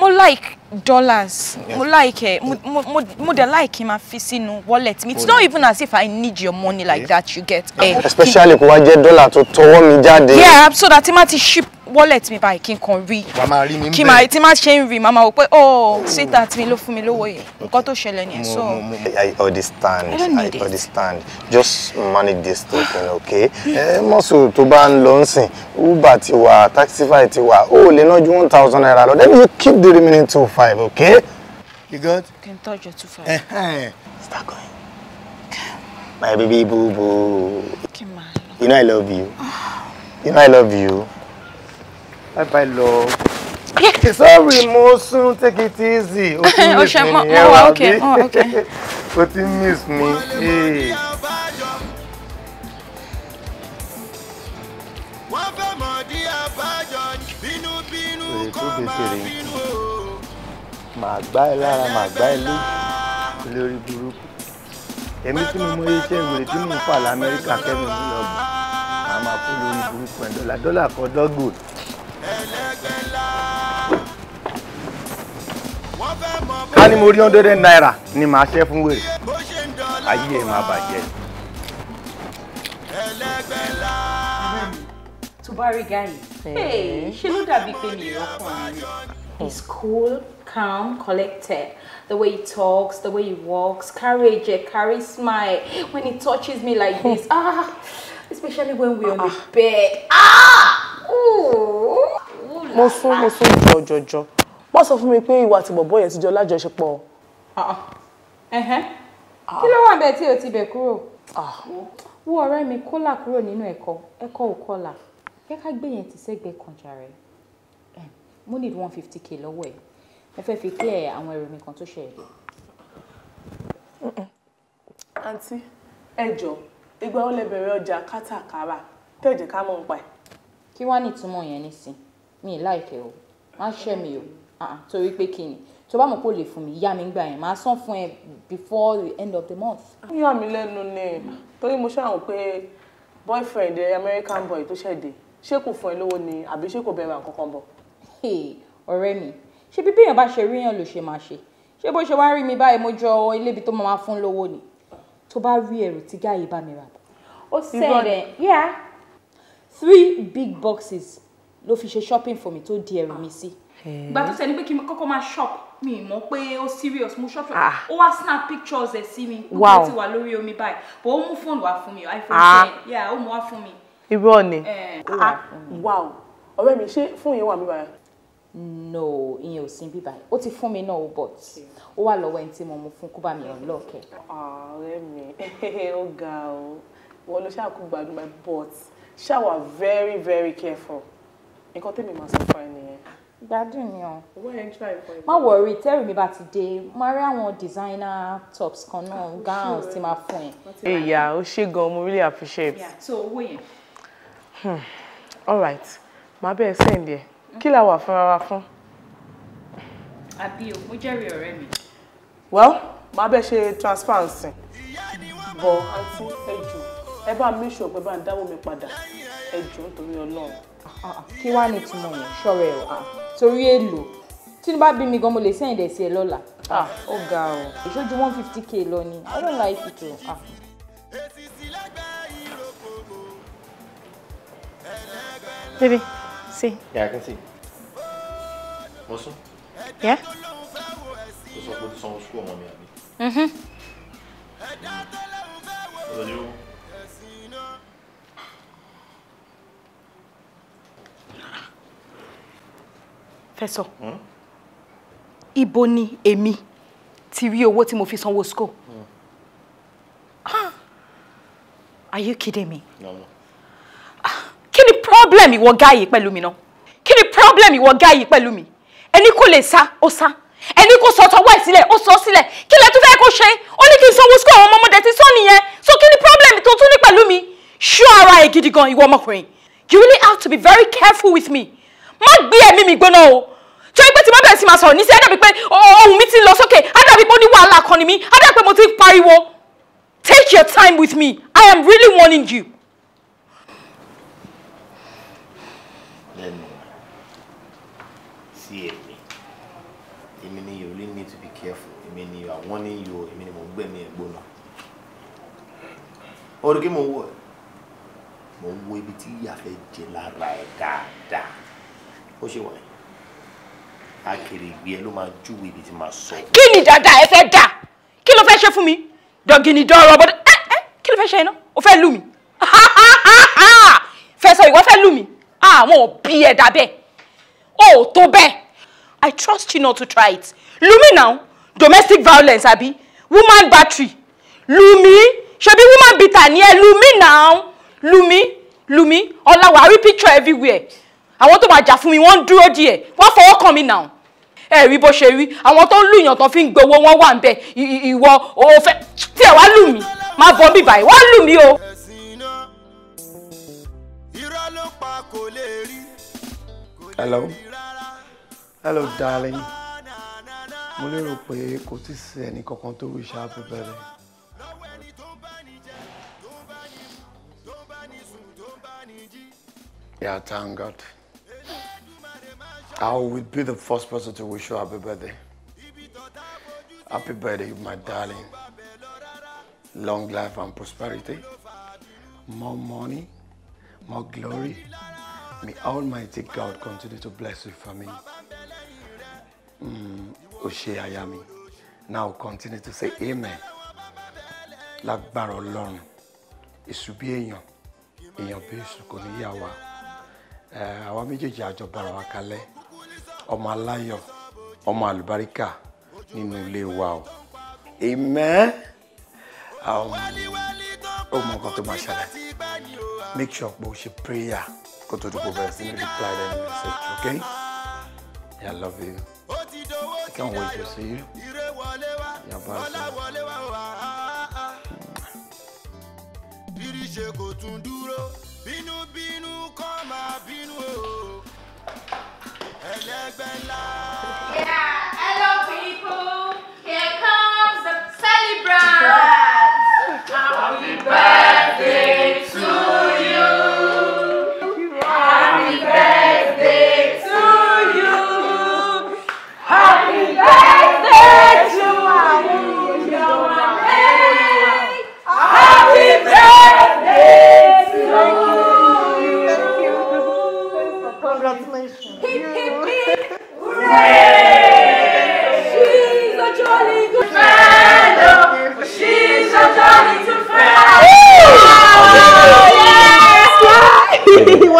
mo like dollars mo like eh mo mo mo de like ma fi sínú wallet mi it's not even as if i need your money like that you get eh especially kó wá jẹ́ dollar to tọwọ́ mi jáde yeah so that ma ti ship wallet mi báyìí kí n kàn rí wàá máa rí mi bẹ́ẹ̀ kí máa tí máa ṣe ń rí màá máa wò pé oh sweetheart mi ló fún mi lówó yẹn nǹkan tó ṣẹlẹ̀ ni so. I understand I, I understand just manage this token okay eh, mọ́sù tó bá ń lọ nsìn uber ti wà taxify ti wà ó lè ná ju one thousand naira lọ then you keep the remaining two five okay you got. can touch your two five. start going my baby boo boo you know I love you ah. you know I love you bye bye lọ. sorry mo sún take it easy o ti miss mi nìyẹn oh, wa bí oh, o ti miss mi. wọ́n fẹ́ mọ̀ dí àbájọ bínúbínú kó máa bínú o. màá gbá ẹ lára màá gbá ẹ lójú lórí burúkú èmi tí mo mọ iṣẹ́ ìwé tí mò ń fà lamẹ́ríkà kẹ́mi ní ọgbọ̀n àmàkú lórí burúkú ẹ̀ dọ́là dọ́là for dọ́gùn ká ní mo rí hundred naira ni màá ṣe fún wèrè ayé ẹ máa bàjẹ́. tó bá rí gáyì ṣé ló dàbí pé mi ìrọ́kùnrin mi. he's cool calm collected the way he talks the way he walks carry ẹ̀jẹ̀ carry smile when he touches me like this ah especially when we're ah, on the ah. bed. Ah! mo sún mo sún jọjọjọ wọ́n sọ fún mi pé ìwà àti bọ̀bọ́ yẹn ti jọ lájọṣepọ̀. kí ló wà bẹ́ẹ̀ tí o ti bẹ̀ kúrò. wo ọ̀rẹ́ mi kólà kúrò nínú ẹ̀kọ́ ẹ̀kọ́ ò kọ́là kẹ́ ká gbé yẹn ti sẹ́gbẹ̀ẹ́ kan jàre mo need one fifty k lọ́wọ́ ẹ̀ ẹ fẹ́ fi kí ẹ àwọn ẹrù mi kan tó ṣe é. àǹtí ẹ jọ̀ọ́ ìgbà ó lè bẹ̀rẹ̀ ọjà kátàkárà tẹ̀jẹ̀ ká mọ̀ ń pa ẹ̀. kí wàá nìtumọ̀ yẹn nísìn mi ì o má ṣẹ́ mi o torí pé kí ni tó bá mọ̀ pé o lè fún mi yá mi gbà yẹn máa san fún ẹ before the end of the month. ó yà mí lẹ́nu ni torí mo ṣàwọn pé boyfriend ẹ American boy tó ṣẹ̀dẹ̀ ṣé kò fún ẹ lówó ni àbí ṣé kò bẹ̀rẹ̀ àkọ́kọ́ bọ̀. ọ̀rẹ́ mi ṣé bí béèyàn bá ṣe ríyàn ló ṣe máa ṣe ṣé bó ṣe wá rí mi báyìí mo jọ ilébi tó máa fún lówó ni tó bá rí ẹrù tí guy yìí bá mi rà bọ̀. ó sẹ́ẹ̀dẹ̀ yeah three big boxes ló fi ṣe shopping for mi tó di ẹrù mi sí. ìgbà tó sẹ́ni pé kí n kọ́kọ́ máa shop mi mọ̀ pé ó serious mo shop shop ah. ó wá snap pictures ẹ̀ sí mi Wow. ó ti wà lórí omi báyìí but ó mú fóònù wá fún mi iPhone ah. ten yeah ó mú wá fún mi. irọ́ ni eh, ah, wow ọ̀rẹ́ mi ṣé fóònù yẹn wà mí báyìí. no ìyẹn ò sí bíbáyìí ó ti fún mi náà ó bọ̀ ó wà lọ́wọ́ ẹni tí mo mú fún kó bá mi ràn lọ́ọ̀kẹ́. ọ̀rẹ́ mi ó ga o wọ́n ló ṣáà kú my butt ṣáà very very careful nǹkan tẹ́mi máa sọ fún ẹ nìyẹn gbádùn ni ọ má wọrí tẹ́rù mi bá ti dé má rí àwọn designer tops kan náà ah, gowns tí máa fún ẹ. ìyá ó ṣe gan mo really appreciate. Yeah, so owó yẹn. Hmm. all right màá bẹ̀rẹ̀ sẹ́ǹdì ẹ̀ kí la wà fúnra wa fún. àbí o mo jẹ́rìí ọ̀rẹ́ mi well màá bẹ́ẹ̀ ṣe transfer nsìn bọ̀ àǹtí ẹ̀jọ̀ ẹ bá mi ṣògbẹ́ bá ń dáwọ́ mi padà ẹ̀jọ̀ nítorí ọlọ́run. Ah, ah, kí wàá ní ìtumọ̀ yẹn ṣọ́rọ̀ ẹ̀ ah, torí èlò tí n bá bí mi gan mo lè sẹ́yìn dẹ̀ sí ẹ lọ́la. ó ga ọ ìṣojú one fifty k lọ ni i don't like it o. Baby, see. Yeah, I can see. Mosun? Yeah? ó sọ pé ó ti sanwó sukú ọmọ mi àbí. ọlọ́dẹ o. fẹsọ ibo ni èmi ti rí owó tí mo fi sanwó sukú. Are you kidding me? No, no. Ah, kí ni problem ìwọ guy yìí pẹ̀lú mi náà? Kí ni problem ìwọ guy yìí pẹ̀lú mi? Ẹni kò lè sá, ó sá ẹni kò sọ tọwọ́ ẹ̀ sílẹ̀ ó sọ sílẹ̀ kí lẹ tún fẹ́ kó ṣe ó ní kí n sanwó sukú àwọn ọmọ ọmọdé ti sọ nìyẹn so kí ni problem tó tún ní pẹ̀lú mi ṣú ara ẹ̀ gidi gan ìwọ ọmọkùnrin you really have to be very careful with me má gbé ẹ̀mí mi gbóná o torí pé tí mo bẹ̀rẹ̀ sí máa sọ̀rọ̀ níṣẹ́ dàbí pé ohun mi ti lọ sókè á dàbí pé ó ní wàhálà kan ni mi á pé mo ti pariwo take your time with me I am really warning you. wọ́n ní yòó èmi ni mò ń gbẹ̀mí ẹ̀ gbóná orí kí mo wọ ẹ mo ń wo ibi tí ìyá fẹ́ jẹ lára ẹ dáadáa ó ṣe wà akèrè ìgbé ẹ ló máa júwe ibi tí máa sọ. kí ni dáadáa ẹ fẹ́ dà kí ló fẹ́ ṣe fún mi dọ̀gìnì dọ̀rọ̀ bọ́dọ̀ ẹ ẹ kí ló fẹ́ ṣe iná o fẹ́ lù mí fẹsọ̀ ìwọ fẹ́ lù mí àwọn òbí ẹ̀ bẹ́ẹ̀ o ò tó bẹ́ẹ̀ I trust you not to try it lù mí náà domestic violence abi. woman battery lumi ṣebí woman bitter ni ẹ lumi now lumi lumi ọláwà rí picture everywhere àwọn tó máa jà fún mi wọ́n ń dúró díẹ̀ wọ́n fọwọ́ kàn mí now ẹ rí bó ṣe rí àwọn tó ń lù yàn tó fi ń gbowó wọn wà ń bẹ ìwọ òfẹ tí ẹ wá lù mí má bọ bí báyìí wá lù mí o. hello hello darling mo lérò pé kò tí sí ẹnì kankan tó rí iṣẹ́ abẹ́bẹ́rẹ́. Yeah, thank God. I will be the first person to wish you happy birthday. Happy birthday, my darling. Long life and prosperity. More money, more glory. May Almighty God continue to bless your family. Mm, Oṣé aya mi. Now continue to say amen. Lágbára Ọlọ́run. Èṣù bí èèyàn. Èèyàn bí èṣù kò ní yà wá. Àwa méjèèjì àjọ bára kalẹ̀. Ọmọ aláyọ̀, ọmọ àlùbáríkà nínú ilé wa o. Amen. Um, ó mọ nǹkan tó máa ṣẹlẹ̀. Make sure pé o ṣe prayer kó tó dúpọ̀ bẹ̀rẹ̀ sí ní reply lẹ́nu message, okay? I love you. I can't wait to see you. You're Yeah, hello people. Here comes the celebrant. Happy birthday.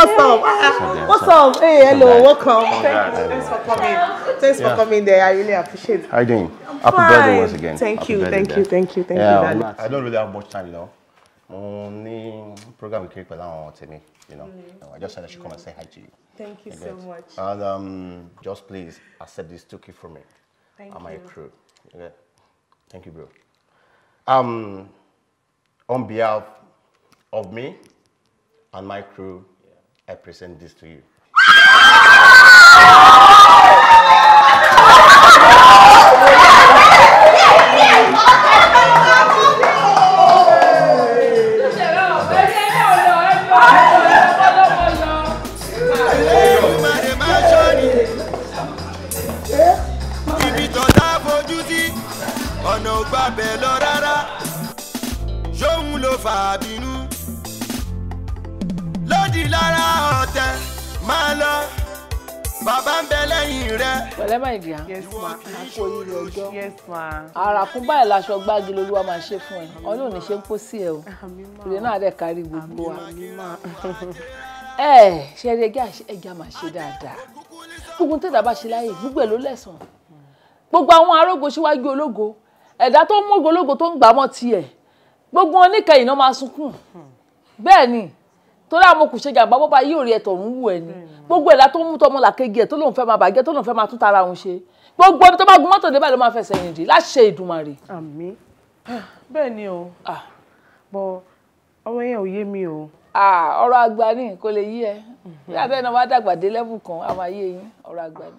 what's up? what's up? Hey, ah, hello, welcome. Thank you. Thanks for coming. Thanks for coming there. I really appreciate it. How you doing? Happy birthday once again. Thank you, thank you, thank you, thank you, Dad. I don't really have much time, you know. mo program kiri pẹ̀lú àwọn tèmi you know mm. I just said I should come and say hi to you. Thank you, so much. And um, just please accept this two for from me. Thank and you. my crew. Okay. Thank you, bro. Um, on behalf of me and my crew, I present this to you. rẹ. pẹ̀lẹ́ máa ìdí hàn. yes ma àpò ìrẹ ọjọ́. yes ma. àràkún báyìí laṣọ gbági lolúwa máa ṣe fún ẹ ọlọ́run ṣe ń kó sí ẹ o ìrẹ náà dẹ̀ kárí gbogbo wa. ẹ ṣe eré ẹja máa ṣe dáadáa gbogbo tẹ̀dá bá ṣe láàyè gbogbo ẹ̀ ló lẹ̀sán gbogbo àwọn arógo síwájú ológo ẹ̀dá tó ń mógo ológo tó ń gbàmọ́ tiẹ̀ gbogbo oníkẹyìn náà máa sunkún bẹ́ẹ̀ ni torí àwọn kò ṣe jàǹbá bọ́ba yìí ò rí ẹ̀tọ̀ ń wù ẹ̀ ni hmm. gbogbo ẹ̀dá tó ń mú tọmọ làkejì ẹ̀ tó lòun fẹ́ máa bàjẹ́ tó lòun fẹ́ máa tún tara òun ṣe gbogbo ibi tó bá gun mọ́tò débà ló máa fẹsẹ̀ rìn dì láṣẹ Èdùmàrè. àmín bẹ́ẹ̀ ni o ah. bọ ọ̀rọ̀ yẹn ò yé mi o. Ah, ọ̀rọ̀ àgbà ni kò lè yí ẹ hmm. bí àtẹnudọ́ wa dàgbà dé lẹ́bù kan a máa yé yín ọ̀rọ̀ àgbà ni.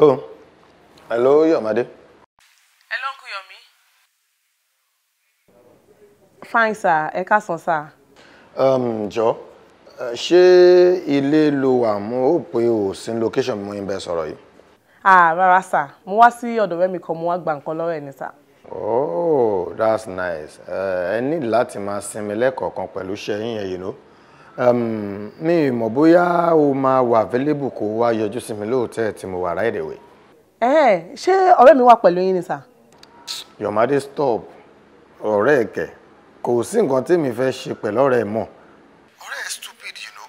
Hello. Hello, Yomade. Hello, Uncle Yomi. Fine, sir. Eka káàsán, sir. Um, Joe, she ilé lo wà mo ó o sí location mo ń bẹ sọ̀rọ̀ Ah, rárá, sir. Mo wá sí ọ̀dọ̀ rẹ̀ mi kan, mo wá gba nǹkan ni, sir. Oh, that's nice. Ẹ ní láti máa sinmi lẹ́kọ̀ọ̀kan pẹ̀lú ṣẹ́yìn yẹn, you know um, mi mọ̀ bóyá o máa wà available kó wá yọjú sí mi lóòótẹ́ tí mo wà right away. ẹ ṣé ọ̀rẹ́ mi wà pẹ̀lú yín ni sà. Yomade stop ọ̀rẹ́ ẹ̀kẹ́ kò sí nǹkan tí mi fẹ́ ṣe pẹ̀lú ọ̀rẹ́ mọ̀. ọ̀rẹ́ ẹ̀ stupid you know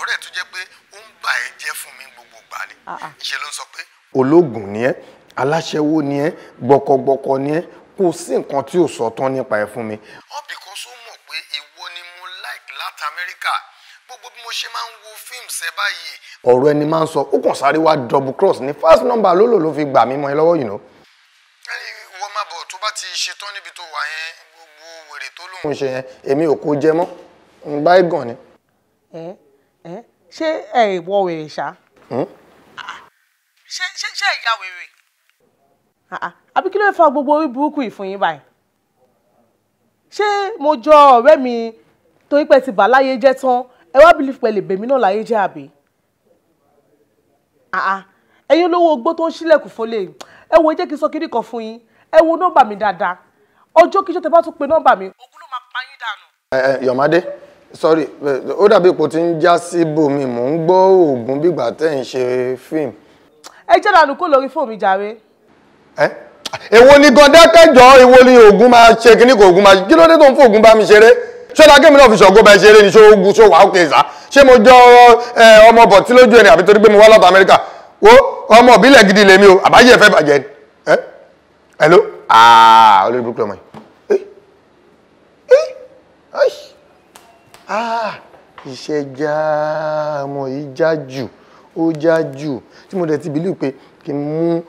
ọ̀rẹ́ ẹ̀ tó jẹ́ pé ó ń bà ẹ́ jẹ́ fún mi gbogbo ìgbà ni ìṣe ló ń sọ pé. ológun ni ẹ aláṣẹwó ni ẹ gbọkọgbọkọ ni ẹ kò sí nǹkan tí ò sọ tán nípa ẹ fún mi. wọ́n ṣe máa ń wo fíìmù ṣe báyìí. ọ̀rọ̀ ẹni máa ń sọ ó kàn sáré wá double cross ní first number lólò ló fi gbà mí mọ́ ẹ lọ́wọ́ yìí nù. wọ́n máa bọ̀ tó bá ti ṣetán níbi tó wà yẹn gbogbo wèrè tó lóun. ṣe yẹn èmi ò kó jẹ mọ́ n bá ẹ gàn ni. ṣé ẹ ìwọ wèrè ṣá. Hmm? ṣé ṣé ṣé ìyá wèrè. Ah, ah, àbí kí ló ń fa gbogbo orí burúkú ìfun yín báyìí ṣé mo jọ ọ̀rẹ́ mi torí pé ti bà láyé jẹ́ tán ẹ wá bìlíf pé lè bèmí náà láyé jẹ́ àbí ah, ah. ẹ̀yin olówó ogbó tó ń ṣílẹ̀kùn fọlé ẹ wo jẹ́ kí n sọ kíní kan fún yín ẹ wo nọ́mbà mi dáadáa ọjọ́ kíjọ́ tẹ bá tún pe nọ́mbà mi ogun ló máa pa yín dànù. ẹ ẹ Yọ̀mádé sorry ó dàbí ipò tí ń já sí bomi mò ń gbọ́ oògùn bígbà tẹ́ ń ṣe fíìmù. ẹ jẹ́ dànù kó lórí fóònù mi jàre. ẹ Ewo ni gọdẹ́kẹ̀jọ́ ewo ni oògùn máa ṣe kíní kò oògùn máa ṣe kí ló dé tó ń fún oògùn bá mi ṣeré ṣé lágé mi náà fi ṣọ̀gbọ́ bá ẹ ṣeré ni ṣó ogun ṣó wà ó kéèsà ṣé mo jọ ọmọ bọ̀ tí lójú ẹni àbí torí pé mo wá láti Amẹ́ríkà wo ọmọ ìbílẹ̀ gidi lèmi o àbáyé ẹ̀fẹ́ bàjẹ́ ni ẹ ẹ ló aa olórí burúkú ọmọ yìí ìṣẹ́já eh, eh, ah, ọmọ yìí já jù ó já jù tí mo dẹ̀ ti bìlú pé kí n mú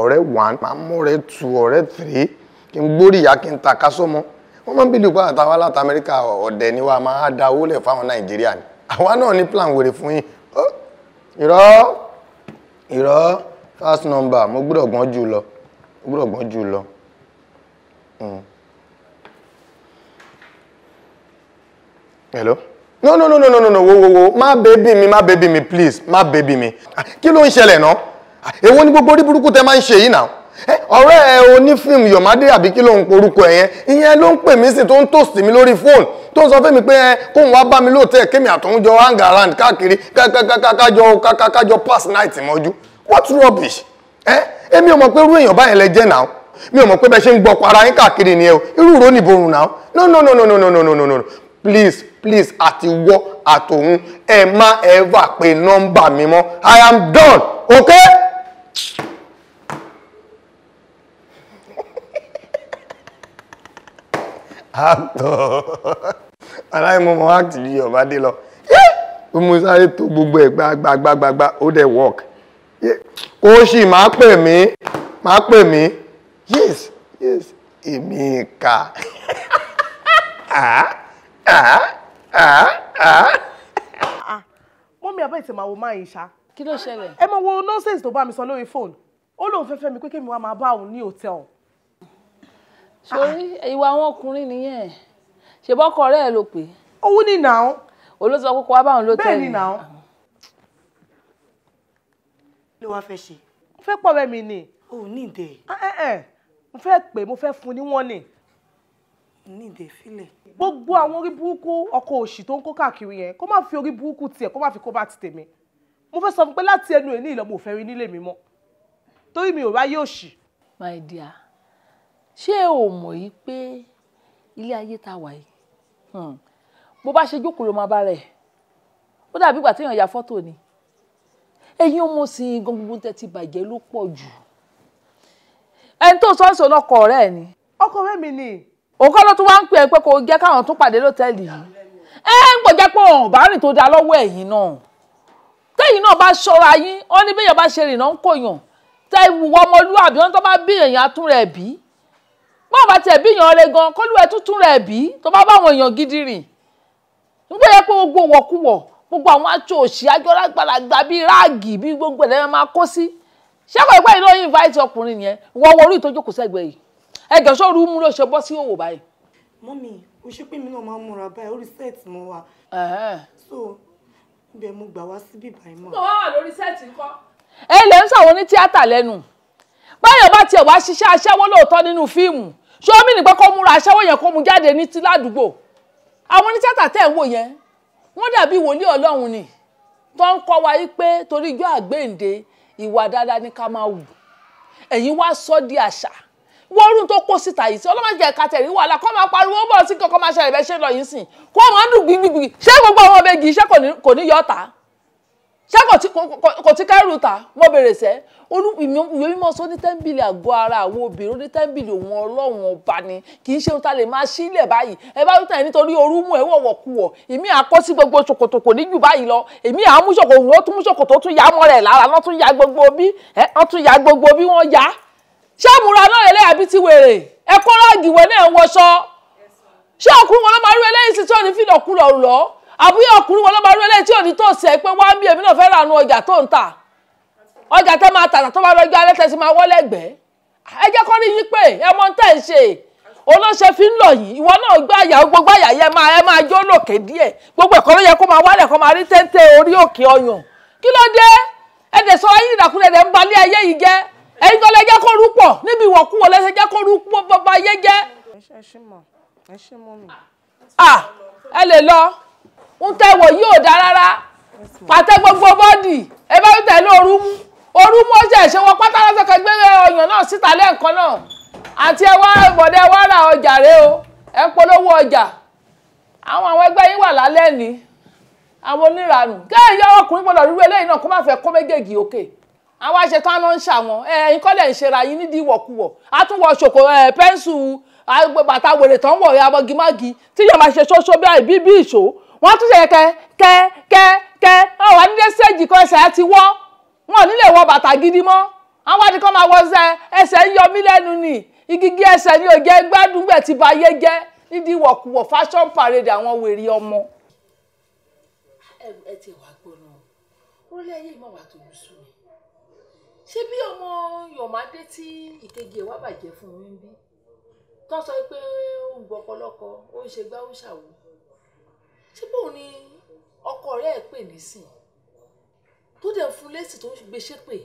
ọ̀rẹ́ one máa mú ọ̀rẹ́ two ọ̀rẹ́ three kí n gbóríyá kí n tàka sọ́mọ́ wọ́n máa ń bìlù pé àtàwọn aláta amẹ́ríkà ọ̀dẹ̀ ni wà máa da owó lẹ̀ fáwọn nàìjíríà ni àwa náà ní plan wèrè fún yín irọ́ irọ́ fast number mo gbọ́dọ̀ gbọ́n jù lọ mo gbọ́dọ̀ gbọ́n jù lọ. Hmm. hello no no no no no no no wo wo wo má bébì mi má bébì mi please má bébì mi kí ló ń ṣẹlẹ̀ náà èwo ni gbogbo orí burúkú tẹ máa ń ṣe yìí náà ọ̀rẹ́ ẹ ní yọ̀mádé àbí kí ló ń porúkọ ẹ̀ yẹn ìyẹn ló ń pè mí sí tó ń tòsí mi lórí fóònù tó ń sọ fún mi pé ẹ wá bá mi lóòótẹ́ kémi àtọ̀hún jọ hang káàkiri night mọ́jú what rubbish ẹ ò mọ̀ pé irú èèyàn lẹ jẹ́ mi ò mọ̀ pé bẹ́ẹ̀ ṣe ń gbọ́ yín káàkiri ni ẹ o irú ìró ni borun náà no no no no no please please àti wọ actor aláìmọ̀mọ̀ act yìí ọ̀bá dé lọ ó mú sáré tó gbogbo ẹ̀ gbagbagbagba ó dẹ̀ work kó sì máa pè mí máa pè mí yes yes èmi kà mọ́mí àbá ìtẹ̀ máa wo máa yìí ṣá. kí ló ṣẹlẹ̀. ẹ máa wo nonsense tó bá mi sọ lórí fóònù ó lóun fẹ́ fẹ́ mi pé kémi wá máa bá òun ní hòtẹ́ẹ̀lì sórí ìwà àwọn ọkùnrin nìyẹn ṣe bọ́kọ rẹ̀ ló pé. owó ni nà án. olóòtú ọkọ̀ wa báwọn ló tẹ̀lé. bẹ́ẹ̀ ni nà án. ló wàá fẹ́ ṣe. mo fẹ́ pọ̀ rẹ̀ mi ni. o ní ìdè. Ah, eh, eh. mo fẹ́ pè mo fẹ́ fún ní wọ́n ni. ní ìdè filẹ̀. gbogbo àwọn orí burúkú ọkọ òṣì tó ń kó káàkiri yẹn kó má fi orí burúkú tiẹ̀ kó má fi kó bá ti tèmi mo fẹ́ sọ fún pé láti ẹnu ẹ̀ ní ìlọ́mọ̀ òfẹ́ rí nílé mi mọ́ torí mi ò ráyè òṣì. my dear ṣé o mọ̀ yìí pé ilé ayé ta wà yìí hmm. bó bá ṣe jókòó ló máa bá rẹ̀ ó dàbí ìgbà téèyàn ya fọ́tò ni ẹ̀yin ọmọ sì gan gbogbo tẹ́ ti bàjẹ́ ló pọ̀ jù ẹni tó sọ́ọ̀sì ọlọ́kọ ọ̀rẹ́ ni. ọkọ rẹ mi ni. òkọ́ ló tún wá ń pè é pé kò jẹ́ káwọn tún pàdé lọ́tẹ́ẹ̀lì yìí ẹ ń pọ̀ jẹ́ pé ọ̀hún bá rìn tó da lọ́wọ́ ẹ̀yin náà tẹ́yìn náà bá ṣọ́ra yín ó ní bẹ́yàn bá ṣe rìnnà ń kòyàn tẹ́ ìwọ ọmọlúwàbí wọn tó bá bí èèyàn á bíi bá bá tiẹ̀ bí èèyàn rẹ gan kọ́lùwẹ̀ tuntun rẹ̀ bí tó bá báwọn èèyàn gidi rìn nígbà yẹ pé gbogbo wọ̀kúwọ̀ gbogbo àwọn aṣọ òṣì agbára gbàlagbà bíi ráàgì bíi gbogbo ẹ̀ lẹ́yìn máa kó sí ṣẹ́kọ̀ ìgbà yìí ló invite ọkùnrin yẹn wọ́n wọ orí ìtọ́jú kò sẹ́gbẹ̀ yìí ẹ̀jọ̀ sóru mú ló ṣe bọ́ sí òwò báyìí. mọ́mí o ṣe pé mi náà máa ń múra báyìí orí sẹ́ẹ̀tì mo wà. so ibẹ̀ mo gbà wá síbí báyìí mọ́. mo wá wà lórí sẹ́ẹ̀tì ńkọ́. ẹ lè ń sàwọn oní tíátà báyọ̀ bá tiẹ̀ wá ṣiṣẹ́ aṣẹ́wó lóòótọ́ nínú fíìmù ṣé ó mìíràn pé kó múra aṣẹ́wó yẹn kó mú jáde ní ti ládùúgbò àwọn onítìátà tẹ̀ ń wò yẹn wọ́n dàbí wòlíì ọlọ́run ni tó ń kọ́ wa yí pé torí ijó àgbéǹde ìwà dáadáa ní ká máa wù ẹ̀yin wá sọ di àṣà wọ́ọ̀rùn tó kó síta yìí sí ọlọ́mọdé jẹ́ kàtẹ́rì wàhálà kọ́ máa pariwo bọ̀ sí kankan máa ṣẹlẹ̀ bẹ́ẹ̀ ṣe lọ yìí sìn kó máa ń dùn gbígbígbí ṣé gbogbo àwọn ọmọ ẹgbẹ́ yìí kò ní yọ ọ́ ṣé kò tí kẹ́rù ta mo bèrè sẹ́ olùwé mímọ́ sọ ní tẹ́ḿbìlì àgọ́ ara àwọn obìnrin ní tẹ́ḿbìlì òun ọlọ́run ọba ni kì í ṣe ohun tá a lè máa sílẹ̀ báyìí ẹ bá wíta ẹ nítorí orú mú ẹ wọ̀wọ̀ kú wọ̀ èmi àkọ́ sí gbogbo ṣòkòtò kò ní jù báyìí lọ èmi àmúṣòkò òun ó tún mú ṣòkòtò tún ya mọ́ rẹ̀ lára lọ́ tún ya gbogbo bí wọ́n tún ya gbogbo bí wọ́n ya ṣé àmúra náà lè lẹ́yà bí ti wèrè ẹ kọ́ abụghị ọkùnrin wọn lọ́ba rẹ́lẹ̀ tí ò ní tó sẹ́ pé wá ń bí èmi náà fẹ́ rànú ọjà tó ń tà ọjà tó máa tànà tó bá lọ́jọ́ alẹ́ tẹ̀sí máa wọ́lẹ̀ gbẹ́ ẹ jẹ́ kọ́ ní yín pé ẹ mọ tẹ́ ṣe fi ń lọ yìí ìwọ náà àyà gbogbo àyà yẹ máa ẹ máa jó lòkè díẹ̀ gbogbo ẹ̀kọ́ ló yẹ kó máa wálẹ̀ kó máa rí orí òkè ọyàn kí ló dé ẹ dẹ̀ sọ ayé ìdàkúnlẹ̀ dẹ̀ ń lọ. ń tẹ̀wọ̀ yìí ò dáa rárá pàtẹ gbogbo bọ́ọ̀dì ẹ bá tẹ̀lé òru mú òru mú ó ṣe ìṣèwọ pátá lọ́sẹ̀ kan gbé ọyàn náà síta lẹ́ẹ̀kan náà àti ẹ wá ìbọ̀dẹ wá ra ọjà rẹ o ẹ ń polówó ọjà àwọn àwọn ẹgbẹ́ yín wà lálẹ́ ni àwọn oníranù kéèyàn ọkùnrin gbọ́dọ̀ rírú eléyìí náà kó má fẹ́ kó méjèèjì òkè àwọn aṣetán náà ń ṣàwọn ẹ̀yin kọ́lẹ̀ ń ṣera yín nídìí ìwọ̀kuwọ̀ àtúnwọ̀ ṣòkò pẹ́ńsù bàtà wèrè tán wọ̀ abọ́gímági tíyẹ̀ máa ṣe ṣóṣó bí àìbí bí ìṣó wọ́n tún ṣe kẹ kẹ kẹ kẹ ọ wà nílé sẹ́ẹ̀jì kan ẹsẹ̀ ti wọ́ wọn ò ní lè wọ bàtà gidi mọ́ àwọn àti kan máa wọ ẹsẹ̀ ẹsẹ̀ ń yọ mí lẹ́nu nì igigi ẹsẹ̀ ni ò jẹ́ gbádùn gbẹ̀ ti ba ayé jẹ́ nídìí wọ̀kùwọ̀ fashion parade àwọn wèrè ọmọ. ẹ ti wá gbóná orílẹ̀ ayé ìmọ̀ wà tó ń sùn ṣé bí ọmọ yọ̀mádé tí ìkejì ẹ̀ wá bàjẹ́ fún mi bí tán sọ pé ó ń gbọ́kọlọ́kọ ó ń ṣe gbáwúṣàwò ṣé ni ọkọ rẹ̀ ẹ̀ pè nísìn tó dẹ̀ fún lẹ́sìn tó ń gbé ṣépè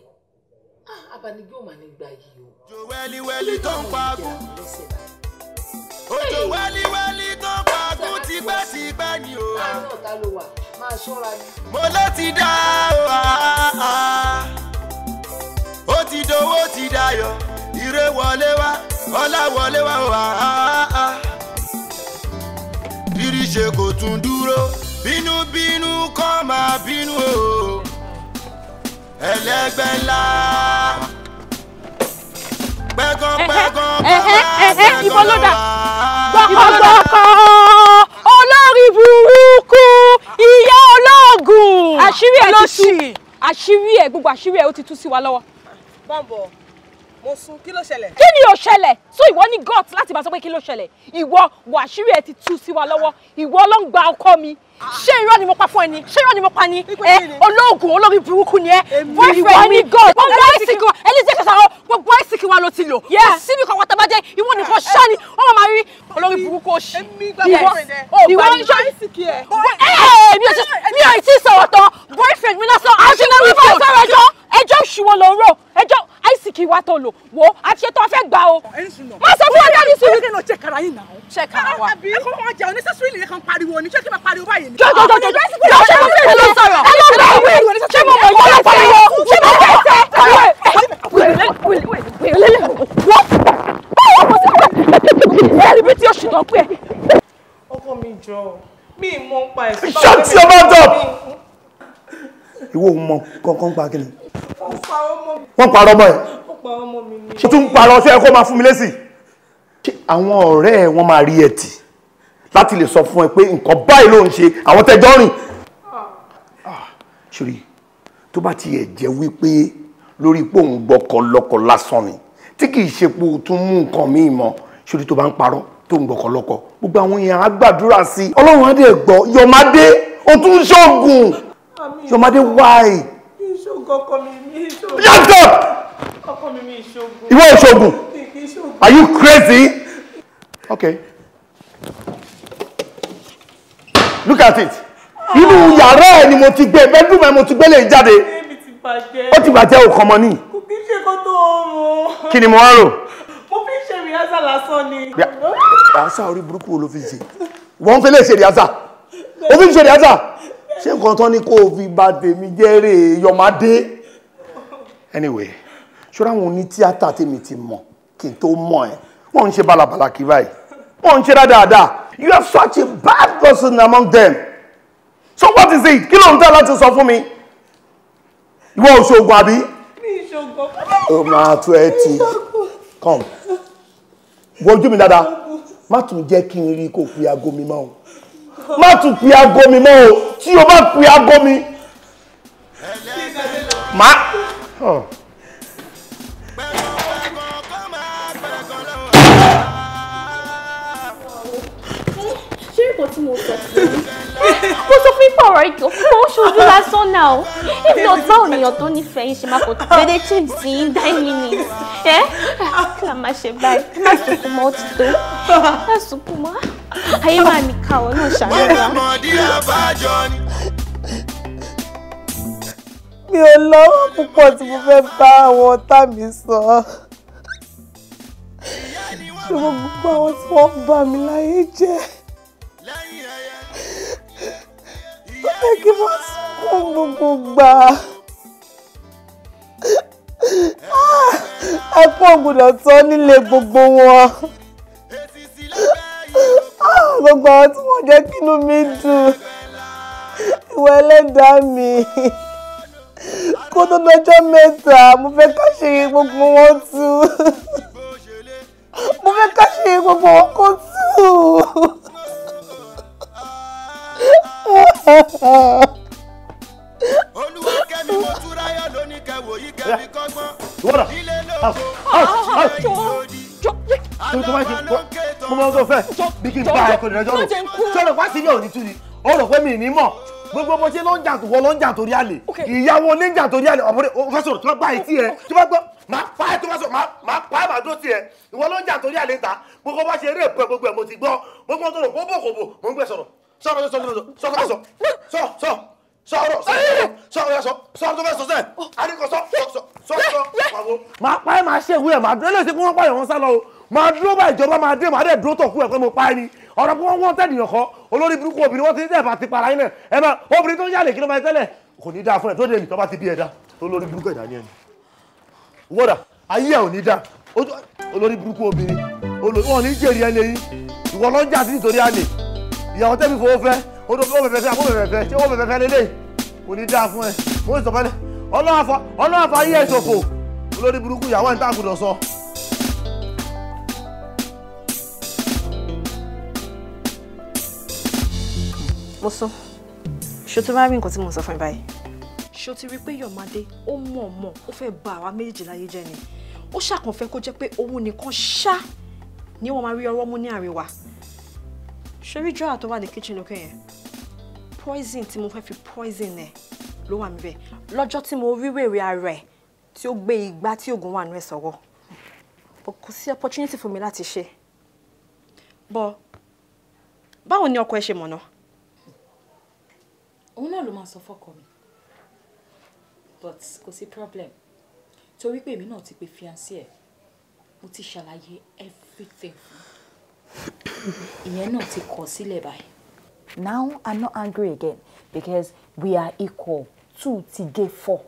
ah, abanigbe ò mà ní gbà yìí o. òjò wẹ́líwẹ́lí tó ń pagún òjò wẹ́líwẹ́lí tó ń pagún tipẹ́tipẹ́ ni o. mo ló dá o ah, ah, ó ti dowó ti dayọ̀ ire wọlé wá ọlá wọlé wá o ṣe kò tún dúró bínúbínú kọ́ máa bínú o ẹlẹ́gbẹ́ ńlá pẹ́gánpẹ́gán eh, eh, bàbá eh, pẹ́gánlá. gbọ́kọ̀gbọ́kọ̀ olórí burúkú ìyá olóògùn àṣírí ẹ̀ ti tú àṣírí ẹ̀ gbogbo àṣírí ẹ̀ ó ti tú sí wa lọ́wọ́. bọ́ǹbọ̀ mo sun kí ló ṣẹlẹ̀. kí ni ò ṣẹlẹ̀ so ìwọ ní gut láti máa sọ pé kí ló ṣẹlẹ̀ ìwọ wàṣírí ẹ ti tú sí wa lọ́wọ́ ìwọ ló ń gba ọkọ mi ṣé irọ́ ni mo pa fún ẹ ṣé irọ́ ni mo pa ni ẹ olóògùn olórí burúkú ni ẹ boyfriend ni god gbogbo àìsíkì wa ẹlẹ́sẹ̀ kẹsàn gbogbo àìsíkì wa ló ti lò síbi kan wọ́tá bá jẹ́ ìwọ nìkan ṣá ni wọ́n máa rí olórí burúkú oṣù ìwọ oh, ìṣọ́ eh, mi ò tí sọ̀rọ̀ tán boyfriend mi lọ́sàn án fún ọ̀sán rẹ̀ jọ ẹjọ́ ìṣúwọ́ ló ń rò ẹjọ́ àìsíkì wa tó lò wò àti ètò ọ̀fẹ́ gbà o má sọ fún ọ̀dà ní sùúrù. ṣẹ̀kara wa ẹ̀kọ́ jẹ́ oníṣẹ́sùn ìlú kan pariwo ni ṣé kí n máa pariwo báyìí jọ jọ jọ jọ jọ ṣé mo fẹ́ lọ sọ̀rọ̀ ẹ lọ bá wí ṣé mo mọ̀ ìwọ lọ́pọ̀ lọ́wọ́ ṣé mo fẹ́ fẹ́ kàwé. ẹ̀rí bí tí o ṣùgbọ́n pé. ọkọ mi jọ mi mọ ń pa ẹ̀sìn. ṣé tí o máa dọ̀? ìwọ ò mọ kankan pa kíni. wọ́n parọ́ mọ́ ẹ̀. ṣé tún parọ́ sí ẹ kó máa fún mi lésì. ṣé àwọn ọ̀rẹ́ wọn máa rí ẹ̀ tì? láti lè sọ fún ẹ pé nǹkan báyìí ló ń ṣe àwọn tẹjọ́ rìn. Ah, ṣòrí tó bá tiẹ̀ jẹ́ wípé lórí ipò òun gbọ́kọ̀ lọ́kọ̀ lásán ni tí kì í ṣe pé o tún mú nǹkan míì mọ́ ṣòrí tó bá ń parọ́ tó ń gbọ́kọ̀ lọ́kọ̀ gbogbo àwọn èèyàn á gbàdúrà sí i ọlọ́run á dẹ̀ gbọ́ yọ̀mádé o tún ṣọ́ọ̀gùn yọ̀mádé wáì. ọkọ mi mi ní ìṣògùn. ìwọ are you crazy? okay. look at it inú yàrá ẹ̀ ni mo ti gbé bedroom ẹ̀ mo ti gbélé jáde ó ti bàjẹ́ òkan mọ́ ní. kò kí n ṣe kó tó oorun. kí ni mo wá rò. mo fi ṣe rìhásà lásán ni. rìhásà orí burúkú wo ló fi ṣe wọ́n fẹ́ lè ṣe rìhásà ó fi ṣe rìhásà ṣé nǹkan tán ni kó o fi ba tèmi jẹ́ rè yọ̀mádé. anyway ṣọ́ra wọn ní tíátà tèmi ti mọ̀ kí n tó mọ̀ ẹ́ wọ́n ń ṣe bálabàlà kí báyìí wọ́n ń ṣe dáadáa you are such a bad person among them so what is it kí ló ń tẹ́ láti sọ fún mi ìwọ òṣogbo àbí. mi ìṣogbo. o máa tó ẹ ti come wojú mi dáadáa má tún jẹ́ kí n rí kó fi aago mi mọ́ o má tún fi aago mi mọ́ o tí o bá fi aago mi má. Oh. mo sọ fún yín. mo sọ fún ipa ọ̀rọ̀ ìjọ fún oṣù ojú lásán náà o if not báwo nìyàn tó nífẹ̀ẹ́ yín ṣe máa kó dédé change sí in nine minutes ẹ kí la máa ṣe báyìí má sunkún mọ́ ó ti tó má sunkún mọ́ ayé máa ní káwọ́ náà ṣàlùwà. mi ò lọ́wọ́ púpọ̀ tí mo fẹ́ bá àwọn ọ̀tá mi sọ ṣùgbọ́n gbogbo àwọn tí wọ́n bà mí láyé jẹ́. tó jẹ́ kí wọ́n sunkún gbogbo gbà ẹkún ògbódò tán nílé gbogbo wọn gbogbo àwọn tí wọ́n jẹ́ kínú mi dùn ìwà ẹlẹ́dàá mi kó tó lọ́jọ́ mẹ́ta mo fẹ́ ká ṣe gbogbo wọn tú mo fẹ́ ká ṣe gbogbo wọn kó tú. olúwa kẹ́mi mo túra yọ lónìí kẹwò yìí kẹ́mi kọ́gbọ́n ilé lóko ọ̀ṣun ìlòdì aláwa ló ń ké tó. ń bá ẹ̀kọ́ ìrẹ́jọ́ rò sọ̀rọ̀ wá sí ilé òní tún ni ó ní mọ̀ gbogbo bó ṣe ló ń jà tó wọ́n ló ń jà torí àlè ìyàwó ló ń jà torí àlè ọ̀bọ̀dé o tó bá yìí tí tó bá gbọ́ máa pa ẹ tó bá sọ̀rọ̀ máa pa ẹ máa dó tiẹ̀ ìwọ ló ń jà torí àlè ta gbogbo bá ṣe eré ìpẹ́ gbogbo ẹ̀ mo ti gbọ́ gbogbo tó rò kó bò mo ń gbẹ sọ̀rọ̀ sọ̀rọ̀ sọ̀rọ̀ sọ̀rọ̀ sọ̀rọ̀ sọ̀rọ̀ sọ̀rọ̀ sọ̀rọ̀ sọ̀rọ̀ sọ̀rọ̀ sọ̀rọ̀ sọ̀rọ̀ sọ̀rọ̀ àdìkọ̀ sọ̀rọ̀ sọ̀rọ̀ máa pa ẹ́ máa ṣe ìwé ẹ̀ máa dúró lè ṣe kí wọ́n pààyàn wọn sá lọ o máa dúró bá ìjọba máa dé máa dẹ̀ dúró tó kú ẹ̀ pé mo pa ẹni ọ̀rọ̀ pé wọ́n wọ́n tẹ̀ nìyàn kọ́ olórí burúkú obìnrin wọ́n ti tẹ̀ bá ti para yín náà ẹ máa obìnrin tó ń yàlè kí ló máa tẹ́lẹ̀ kò ní dáa fún ẹ tó dé mi tó bá ti bí ẹ dá tó lórí burúkú ẹ̀dá ni ẹni. wọ́dà ayé ẹ̀ ò ní dáa olórí burúkú obìnrin wọn ò ní jèrè ẹ lẹ́yìn ìwọ lọ́jà sí nítorí àlè ìyàwó tẹ́mi fowó fẹ́ ó tó fẹ́ fẹ́ àbó fẹ́ fẹ́ ṣé ó fẹ́ fẹ́ lélẹ̀ kò ní dáa fún ẹ mo sì sọ fẹ́lẹ́ ọlọ́wàfà ọlọ́wàfà ayé ẹ̀ ṣòfò olórí burúkú ìyàwó ẹ̀ ń tàkùrọ̀ sọ. mo sọ ṣó tó rí nǹkan tí mo sọ fún ẹ báyìí. ṣó rí pé Yọ̀mádé ó mọ̀ mọ̀ ó fẹ́ bà àwa méjèèjì láyé jẹ́ ni ó ṣàkànfẹ́ kó jẹ́ pé òun nìkan ṣá ni wọ́n máa rí ọwọ́ mú ní àárín ṣorí draw tó wà ní kitchen lókè yẹn poison tí mo fẹ́ fi poison ẹ̀ ló wà níbẹ̀ lọ́jọ́ tí mo rí wèrè ara ẹ̀ tí ó gbé igbá tí oògùn wà but kò sí opportunity for mi láti ṣe but báwo ni ọkọ ẹ mono mọ̀nà. òun náà ló máa sọ but kò sí problem torí pé èmi náà ti pe fiancé ẹ mo ti ṣàlàyé everything fún ìyẹn náà ti kọ̀ sílẹ̀ now i'm not angry again because we are equal two ti gé four.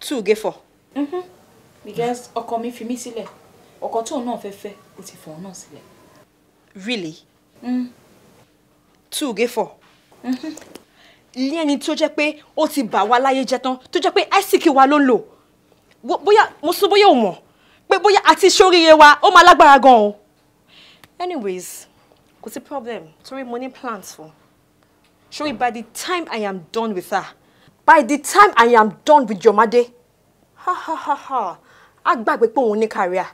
two get four. Mm-hmm. because Oko mi fi mí sílẹ̀ ọkọ tóun náà fe fẹ́ ó ti fọ̀ọ́ náà sílẹ̀. really. Mm. two get four. Mm-hmm. ilé ẹni tó jẹ́ pé ó ti bà wá láyé jẹ́ tán tó jẹ́ pé ẹ́sìkì wa ló ń lò bóyá mo sún bóyá ò mọ̀ pé bóyá àti ṣoríire wa ó máa lágbára gan o. anyways kò sí problem Sorry, money plans for. ṣorí by the time I am done with her by the time I am done with Jomade ha ha ha ha á gbàgbé pé òun ní career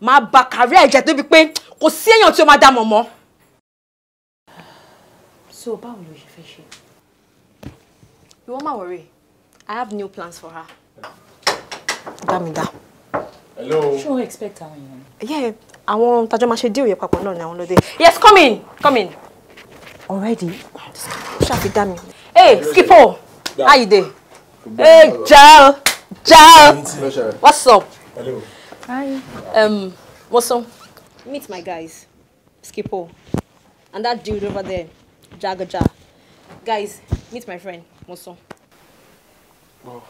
máa ba career ẹ̀jẹ̀ débi pé kò sí èèyàn tí ó máa dá mọ̀ mọ́. so báwo ló ṣe fẹ́ ṣe. ìwọ má worry I have new plans for her. Dámidá. Hello. Ṣé o expect àwọn èèyàn? Yeah, I want máa ṣe deal with papọ̀ náà ni àwọn lóde. Yes, come in, come in. Already? Ṣàfi dá mi. Hey, Skipo, how you doing? Hey, Jal, Jal, what's up? Hello. Hi. Um, what's up? meet my guys, Skipo, and that dude over there, Jagaja. Guys, meet my friend, Mosun. Wow.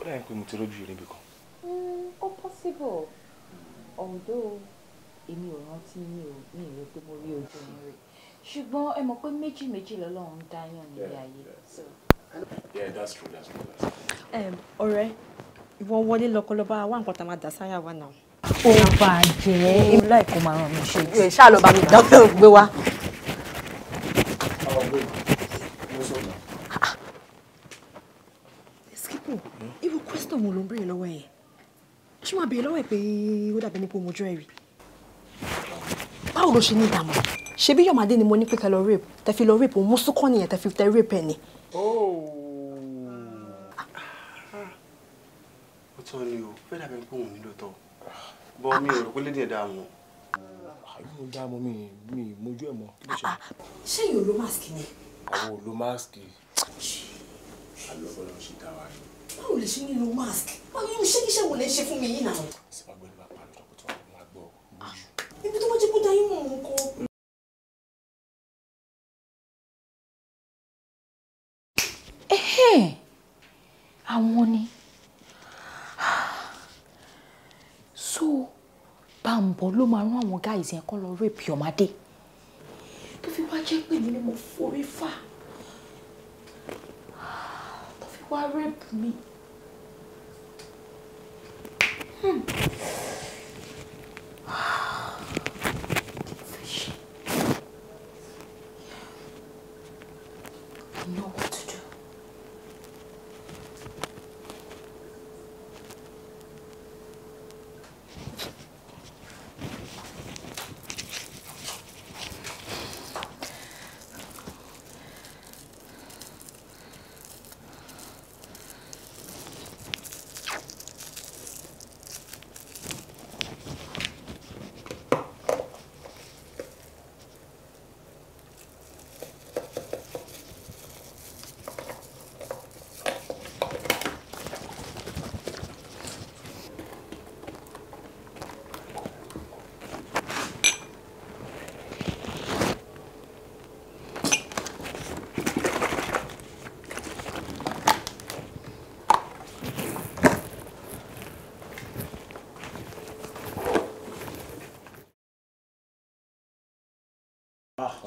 Ó dà yín pé mo ti rójú ó possible although èmi ò rántí mi ò ní ìwé pé mo rí ojú mi rè ṣùgbọ́n ẹ mọ̀ pé méjì méjì lọ́lọ́run ń dáyàn nílé ayé. yeah that's true that's true. ọ̀rẹ́ ìwọ wọlé lọ́kọ́lọ́ba wá nǹkan tá a máa dà sáyà wa náà. ó bàjẹ́ èmi láì kó máa ràn mí ṣe jù. ṣáà lọ bá mi dọ́kítà gbé wá. skipo ah, irú question wo ló ń béèrè lọ́wọ́ yẹn ṣé máa bèèrè lọ́wọ́ ẹ̀ pé ó dàbí ní pé mo jọ ẹ̀rí báwo ló ṣe ní ìdààmú ṣebí Yọ̀mádé ni mo ní pé kẹ́ lọ rape tẹ́ fi lọ rape òun mùsùkọ́ nìyẹn tẹ́ fi tẹ́ rape ẹ̀ ni. Oh. ó tọ́ ni o fẹ́ dàbí pé òun nílò tọ́ bọ́ mi ò rò pé lédè ẹ̀dá mọ́. mo dá mọ́ mi mi mojú ẹ̀ mọ́. ṣé yóò lo mask ni. àwọn ò lo mask. àlọ́ ni báwo lè ṣe nílò mask báwo yóò ṣe kíṣẹ́ wo lè ṣe fún mi yìí náà. sípàgbé ni màá pa àlọ́ tó wà ní àgbọ̀. Ah, ibi tó bá jẹ́ kó dayé mọ̀ òun kọ́. àwọn ni so bàǹbọ̀ ló máa rán àwọn guys yẹn kọ́ lọ rape ọmọdé tó fi wá jẹ́ pé mi ni mo forí fà Why rip me? Hmm. Fish. I know what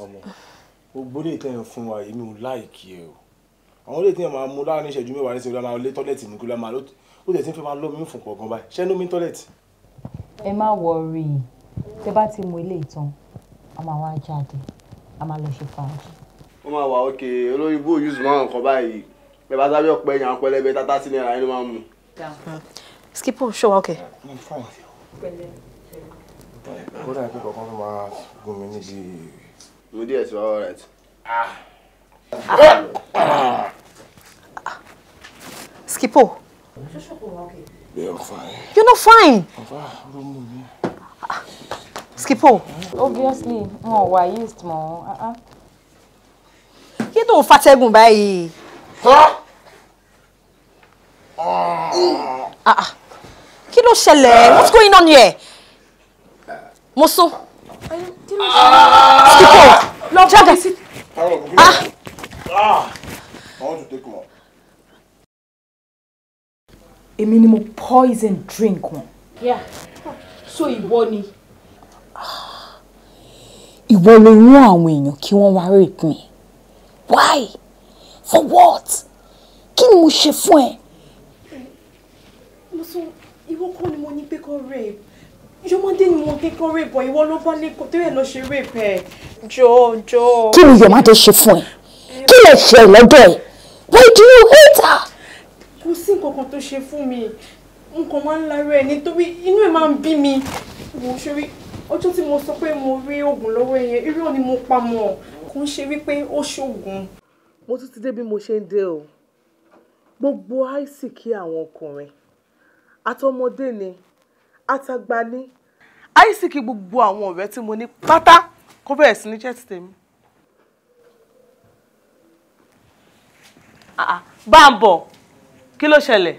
ọmọ gbogbo lè tẹ̀ ń fún wa èmi ò láìkí ẹ o àwọn lè tẹ̀ máa mú láàrin ìṣẹ́jú mẹ́wàá ní ìṣẹ́jú máa lé tọ́lẹ̀tì mú kí ló máa ló ó tẹ̀ tí ń fẹ́ máa lómi fún pọ̀gàn báyìí ṣẹ́ lómi tọ́lẹ̀tì. ẹ má wọrí tẹ bá ti mú ilé ìtàn a máa wá jáde a máa lọ ṣe fàájì. ó máa wà ókè olórí bó yùzù máa ń kọ báyìí bẹ́ẹ̀ bá sábẹ́ ọ̀pẹ yàn pẹlẹbẹ tata sílẹ̀ ara ẹni máa mú. skip up ṣọwọ́ ọkẹ́. ó dà bí kankan máa gún mi níbi mo díẹ̀ sí wa all right. Ah. Skipo. Yeah, I'm fine. You're not fine. I'm fine. Skipo. Obviously, mo wà used don't ah, ah. Kí tó ń Ah. Ah. Kí ló ṣẹlẹ̀? What's going on here? Mo sún. Kí ló Stop dragging. Ah. ah. I want to take one. Èmi ni poison drink one. Yeah. So ìwọ ni. Ah! Ìwọ ló rán àwọn èèyàn kí wọ́n wá rape Why? For what? Kí ni mo ṣe fún ẹ? Mo sọ ìwọ kọ́ ni mo ní pé kó rape yọmọdé ni mo kékeré rape ìwọ ló bá ní kó tóyẹ lọ ṣe rape jọ jọ. kí ni yọmọdé ṣe fún ẹ kí lè ṣe lọ́dọ̀ ẹ why do you hate her. kò sí nǹkan kan tó ṣe fún mi nǹkan máa ń lára ẹ nítorí inú ẹ máa ń bí mi mo ṣe rí ọjọ́ tí mo sọ pé mo rí oògùn lọ́wọ́ yẹn irọ́ ni mo pa mọ́ kò ń ṣe wípé ó ṣoògùn. mo tún ti dé bí mo ṣe ń dé o gbogbo àìsí kí àwọn ọkùnrin àtọmọdé ni àtàgbà ni isaac gbogbo àwọn ọ̀rẹ́ tí mo ní pátá kó bẹ̀rẹ̀ sí ní jẹ́ ti tèmi. Ah, ah, bá ń bọ̀ kí ló ṣẹlẹ̀.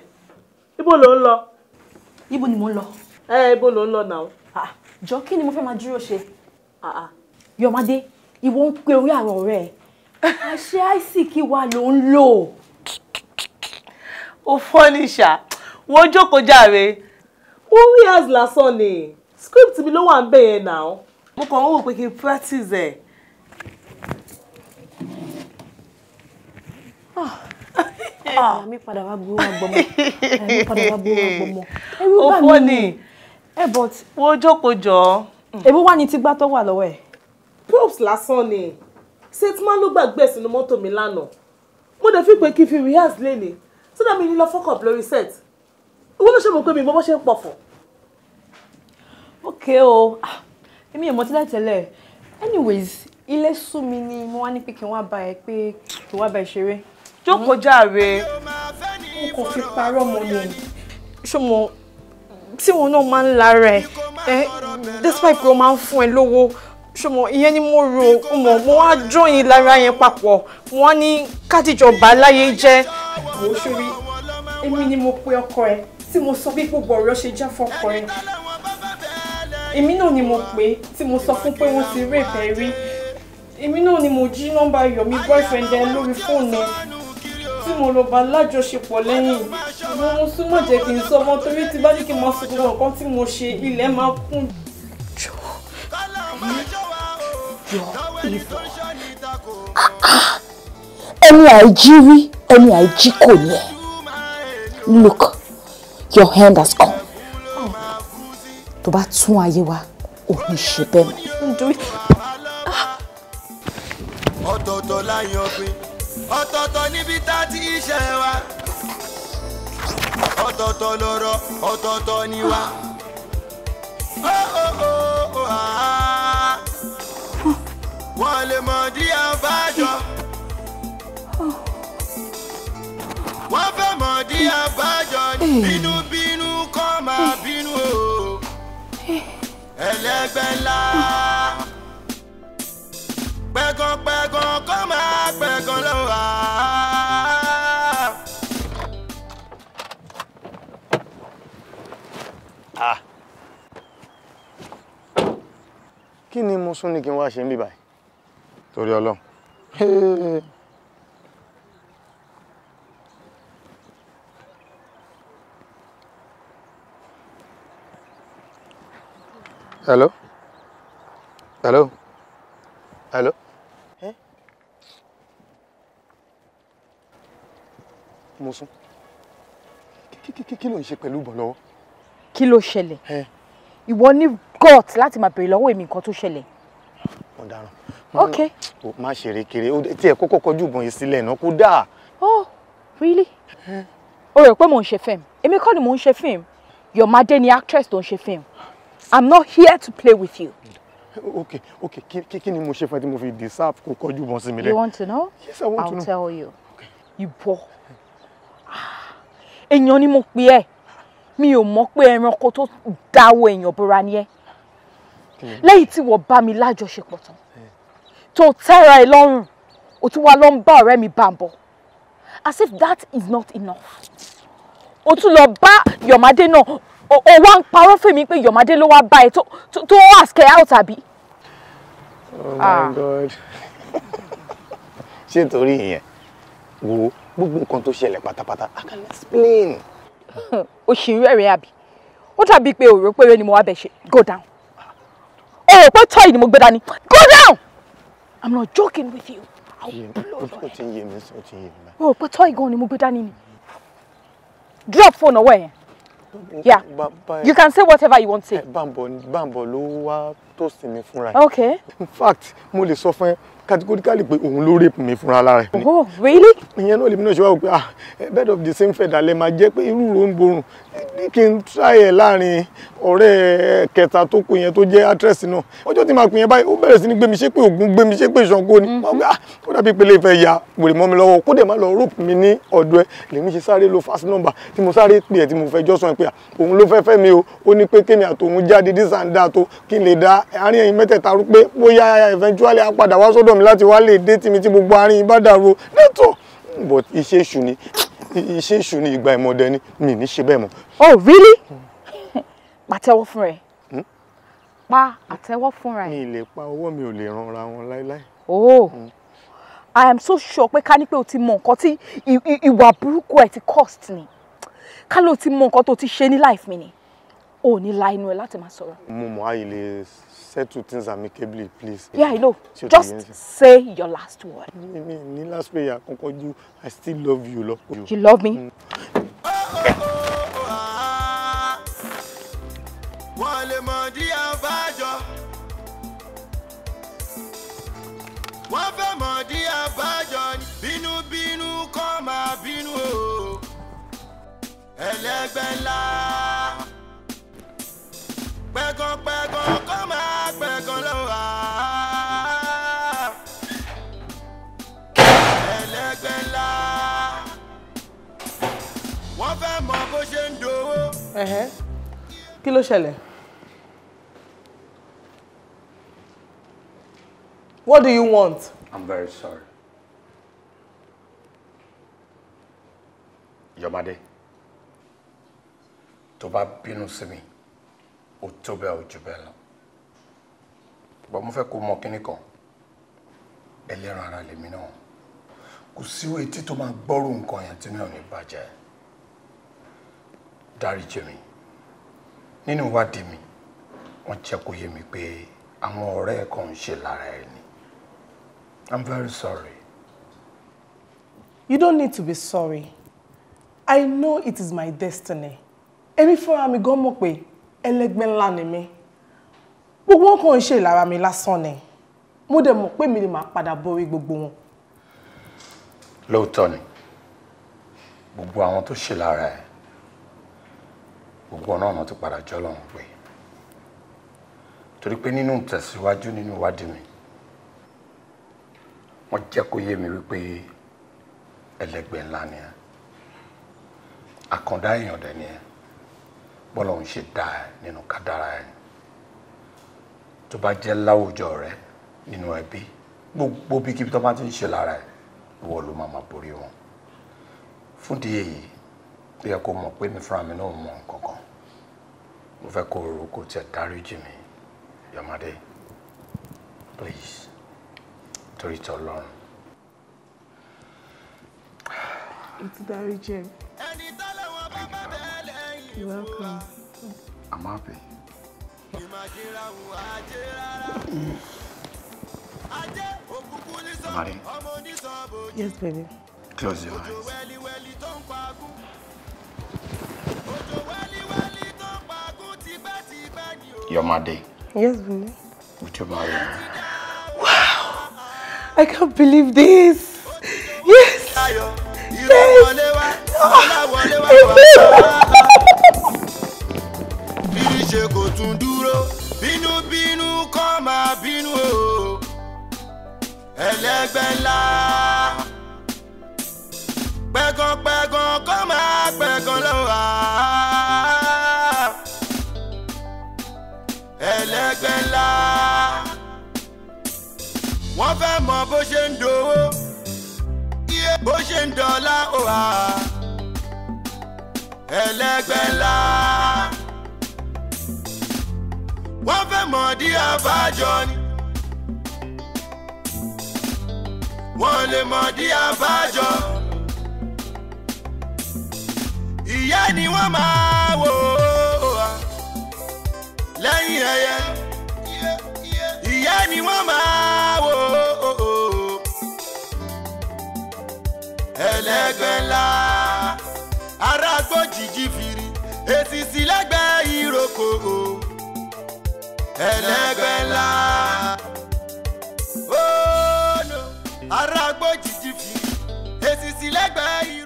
ibo ló ń lọ. ibo ni mo ń lọ. ẹ ibo ló ń lọ náà. Ah, jọ kí ni mo fẹ́ máa dúró ṣe. yọmọdé ìwọ ń pe orí àwọn ọ̀rẹ́ ẹ̀ àṣẹ isaac wa ló ń lò. ó fọ́ ní ṣá wọ́n jókòó jàre wọ́n rí àz lásán ni script mi ló wà ń bẹ̀ yẹn náà mo kàn ń wò pé kí n practice ẹ̀. Ah. Ah, mi padà wá burú wá gbọmọ eh, mi padà wá burú wá gbọmọ ẹrú bá mi ẹ but. wo jókòó jọ. Hmm. èmi wá ní tigbá tó wà lọ́wọ́ ẹ̀. props lásán ni statement ló gbàgbé sínú mọ́tò mi lánàá mo dẹ̀ fi pé kí n fi rehearse lé ni so that mi ní lọ fọ́kàn lórí set ìwọ ló ṣe mọ̀ pé mi mọ́ bọ́ ṣe ń pọ̀fọ̀ okay o ah, èmi ò mọ̀ tẹ́lẹ̀ anyways ilé sú mi ni mo wá ní pé kí n wá bá ẹ pé kí n wá bá ẹ ṣeré. jókòó mm-hmm. jàre. n kò fi parọ́ mọ́ ni ṣé mo tí wọn náà máa ń lára ẹ ẹ despite pé o máa ń fún ẹ lówó ṣé mo ìyẹn ni mo rò ó mọ̀ mo wá jọyìn lára yẹn papọ̀ wọ́n ní kádìjọba láyé jẹ́. àwọn òṣèré èmi ni mo pe ọkọ ẹ tí mo sọ bí gbogbo ọ̀rọ̀ ṣe já fọkọ ẹ èmi náà ni mo pè tí mo sọ fún pé wọ́n ti rape ẹ rí èmi náà ni mo jí nọ́mbà Yomi boyfriend ẹ lórí fóònù ẹ tí mo lọ bá lájọṣepọ̀ lẹ́yìn mo mú súnmọ́ jẹ́ kí n sọ ọmọ torí ti bá ní kí n máa sọ gbogbo nǹkan tí mo ṣe ilẹ̀ máa kún. jọ yọ ìbọn ẹni àìjírí ẹni àìjíkò ni ẹ look your hand has come tó bá tún ayé wa ò ní ṣe bẹ́ẹ̀ mọ́. Ah. ọ̀tọ̀ọ̀tọ̀ láyọ̀ ọ̀gbìn ọ̀tọ̀ọ̀tọ̀ níbi tá a ti ṣẹ̀ wa ọ̀tọ̀ọ̀tọ̀ lọ̀rọ̀ ọ̀tọ̀ọ̀tọ̀ ni wa. wọ́n lè mọ̀ dí àbájọ. wọ́n fẹ́ mọ̀ dí àbájọ nínú ẹlẹ́gbẹ́ ńlá. pẹ̀gànpẹ̀gàn kó máa pẹ̀gàn lọ́wọ́. kí ni mo sún ní kí n wá ṣe ń bí torí ọlọ́run. hello hello hello. Eh? mo sún kí ló ń ṣe pẹ̀lú ìbọn lọ́wọ́. kí ló ṣẹlẹ̀ ìwọ ní gut láti máa béèrè lọ́wọ́ èmi nǹkan tó ṣẹlẹ̀. ọ̀daràn ok má ṣeré kéré tí ẹ kókó kọjú ìbọn yìí sílẹ̀ náà kó dáa. oh really Oh, rò pé mò ń ṣe fíìmù èmi kọ́ ni mò ń ṣe fíìmù actress tó ń ṣe i'm not here to play with you. okay okay Kikini kí ni mo ṣe fún ẹ tí mo fi deserve kó kọjú bọ́n sí mi you want to know? yes i want I'll to know. i'll tell you. ìwọ ah, èèyàn ni mo pè ẹ́ mi ò mọ̀ pé ẹranko tó dáwọ́ èèyàn bora ni ẹ́ lẹ́yìn tí wọ́n bá mi lájọṣepọ̀ tán tó tẹ́ra ẹ lọ́rùn ó tún wá lọ ń bá ọ̀rẹ́ mi bàbọ̀ as if that is not enough ó tún lọ bá yọ̀mádé náà o wá ń parọ́ fún mi pé Yọ̀mádé ló wá bá ẹ tó ask ẹ out àbí. oh my ah. god ṣé torí ìyẹn wo gbogbo nǹkan tó ṣẹlẹ̀ pátápátá i can explain. o ṣì ń rẹ́rìn-ín àbí ó dàbíi pé òró péré ni mo wá bẹ̀ ṣe go down òrò pé tọ́yì ni mo gbé dání go down i'm not joking with you. o ti yé mi o ti yé mi. òrò pé tọ́yì gan ni mo gbé dání ni drop phone ọwọ́ yẹn yeah ba you can say whatever you want to say. Eh, bambo bambo ló wá tó sinmi fúnra ẹ. okay. in fact mo lè sọ fún categorically pé òun ló rape mi fúnra lára ẹ̀. oh really. ìyẹn náà lèmi náà ṣe wá wò pé ah bed of the same feather lè máa jẹ́ pé irú ro ń borùn try ẹ̀ láàrin ọ̀rẹ́ kẹta tó kù yẹn tó jẹ́ actress náà ọjọ́ tí màá pè yẹn báyìí ó bẹ̀rẹ̀ sí ní gbé mi ṣe pé ògún gbé mi ṣe pé ṣàngó ni mm-hmm. ah, ó dàbí pé lè fẹ́ ya wèrè mọ́ mi lọ́wọ́ kó dẹ̀ má lọ rope mi ní ọ̀dọ̀ ẹ̀ lèmi ṣe sáré lo fast number tí mo sáré pè ẹ̀ tí mo fẹ́ jọ́sọ̀ pé ah, òun ló fẹ́ fẹ́ mi o ó ní pé kémi àtòun jáde dísà ń dáa tó kí n lè dá àárín ẹ̀yin mẹ́tẹ̀ẹ̀ta rú pé eventually á padà wá sọ́dọ̀ mi láti wá lè dé tìmí tí gbogbo àárín bá dàrú lẹ́tọ̀ but iṣẹ́ èṣù ni iṣẹ́ èṣù ni ìgbà ìmọ̀dẹ ni mi ní ṣe bẹ́ẹ̀ mọ́. oh really hmm. pàtẹ́wọ́ fún rẹ̀ hmm? pa àtẹ́wọ́ fúnra ẹ̀. mi lè pa ọwọ́ mi ò lè ranra wọn láéláé. oh hmm. i am so sure pé ká ní pé o ti mọ nǹkan tí ìwà burúkú ẹ ti cost ni ká ló ti mọ nǹkan tó ti ṣe ní life mi ni o ò ní la inú ẹ láti máa sọ̀rọ̀. mo mọ àyè lè settle things amicably, please. Yeah, I know. She Just say your last word. Ní last prayer I still love you love You You love me? Mm. Wọ́n lè pẹ̀gànpẹ̀gàn kó máa pẹ̀gàn lọ wá. ẹlẹgbẹ́ ńlá wọ́n fẹ́ mọ bó ṣe ń dowó. kí ló ṣẹlẹ̀? What do you want? I'm very sorry. Yomade, tó bá bínú sí mi ó tó lọ bọ́ mo fẹ́ kó mọ kínní kan ẹlẹ́ran ara lèmi náà kò síwò etí tó máa gbọ́rù nǹkan yẹn tí mi ò ní bàjẹ́ dáríjì mi nínú ìwádìí mi wọ́n jẹ́ kó yé mi pé àwọn ọ̀rẹ́ kan ń ṣe lára ẹ̀ ni I'm very sorry. You don't need to be sorry. I know it is my destiny. Èmi fúnra mi gan mọ̀ pé ẹlẹ́gbẹ́ ńlá ni mi gbogbo wọn kàn ń ṣe ìlara mi lásán ni mo dẹ̀ mọ̀ pé mi ni màá padà borí gbogbo wọn. lóòótọ́ ni gbogbo àwọn tó ṣe lára ẹ̀ gbogbo ọ̀nà ọ̀nà ti padà jọ́ lọ́wọ́ pé torí pé nínú ìtẹ̀síwájú nínú ìwádìí mi wọ́n jẹ́ kó yé mi wípé ẹlẹ́gbẹ́ ńlá ni ẹ́ àkàndá èèyàn dẹ̀ ni ẹ́ bọ́lọ̀ ń ṣe dá ẹ nínú kádàrá ẹ tó bá jẹ́ láwùjọ rẹ nínú ẹbí gbogbo bí kíbi tó bá ti ń ṣe lára ẹ ìwọ ló máa máa borí wọn fún díẹ̀ yìí ó yẹ kó mọ̀ pé mi fúnra mi náà mọ̀ nǹkan kan mo fẹ́ kó ro kó tiẹ̀ dáríjì mi Yọ̀mádé please torí tọ́ lọ́rùn. ètí dáríjì ẹ. ẹni tọ́lẹ̀ wọn bá bá. I'm happy. Mari. Yes, baby. Close your eyes. You're my day. Yes, baby. With your Mari. Wow! I can't believe this. Yes! Yes! Oh, ṣe kò tún dúró bínúbínú kọ́ máa bínú o ẹlẹ́gbẹ́ ńlá pẹ̀gànpẹ̀gàn kọ́ máa pẹ̀gàn lọ́wọ́ ẹlẹ́gbẹ́ ńlá wọ́n fẹ́ mọ bó ṣe ń dowó bó ṣe ń dọ́là òhà ẹlẹ́gbẹ́ ńlá wọ́n fẹ́ mọ̀ di àbájọ ni. wọ́n lè mọ̀ dí àbájọ. ìyá ni wọ́n máa wò ó lẹ́yìn ẹyẹ. ìyá ni wọ́n máa wò ó ẹlẹ́gbẹ́ ńlá arágbó jìjì fìrí èsì sílẹ̀gbẹ́ ìrókò ẹlẹgbẹ́ ńlá. ooo oh no ara gbójijì fi èsì sílẹ̀gbẹ́ irú.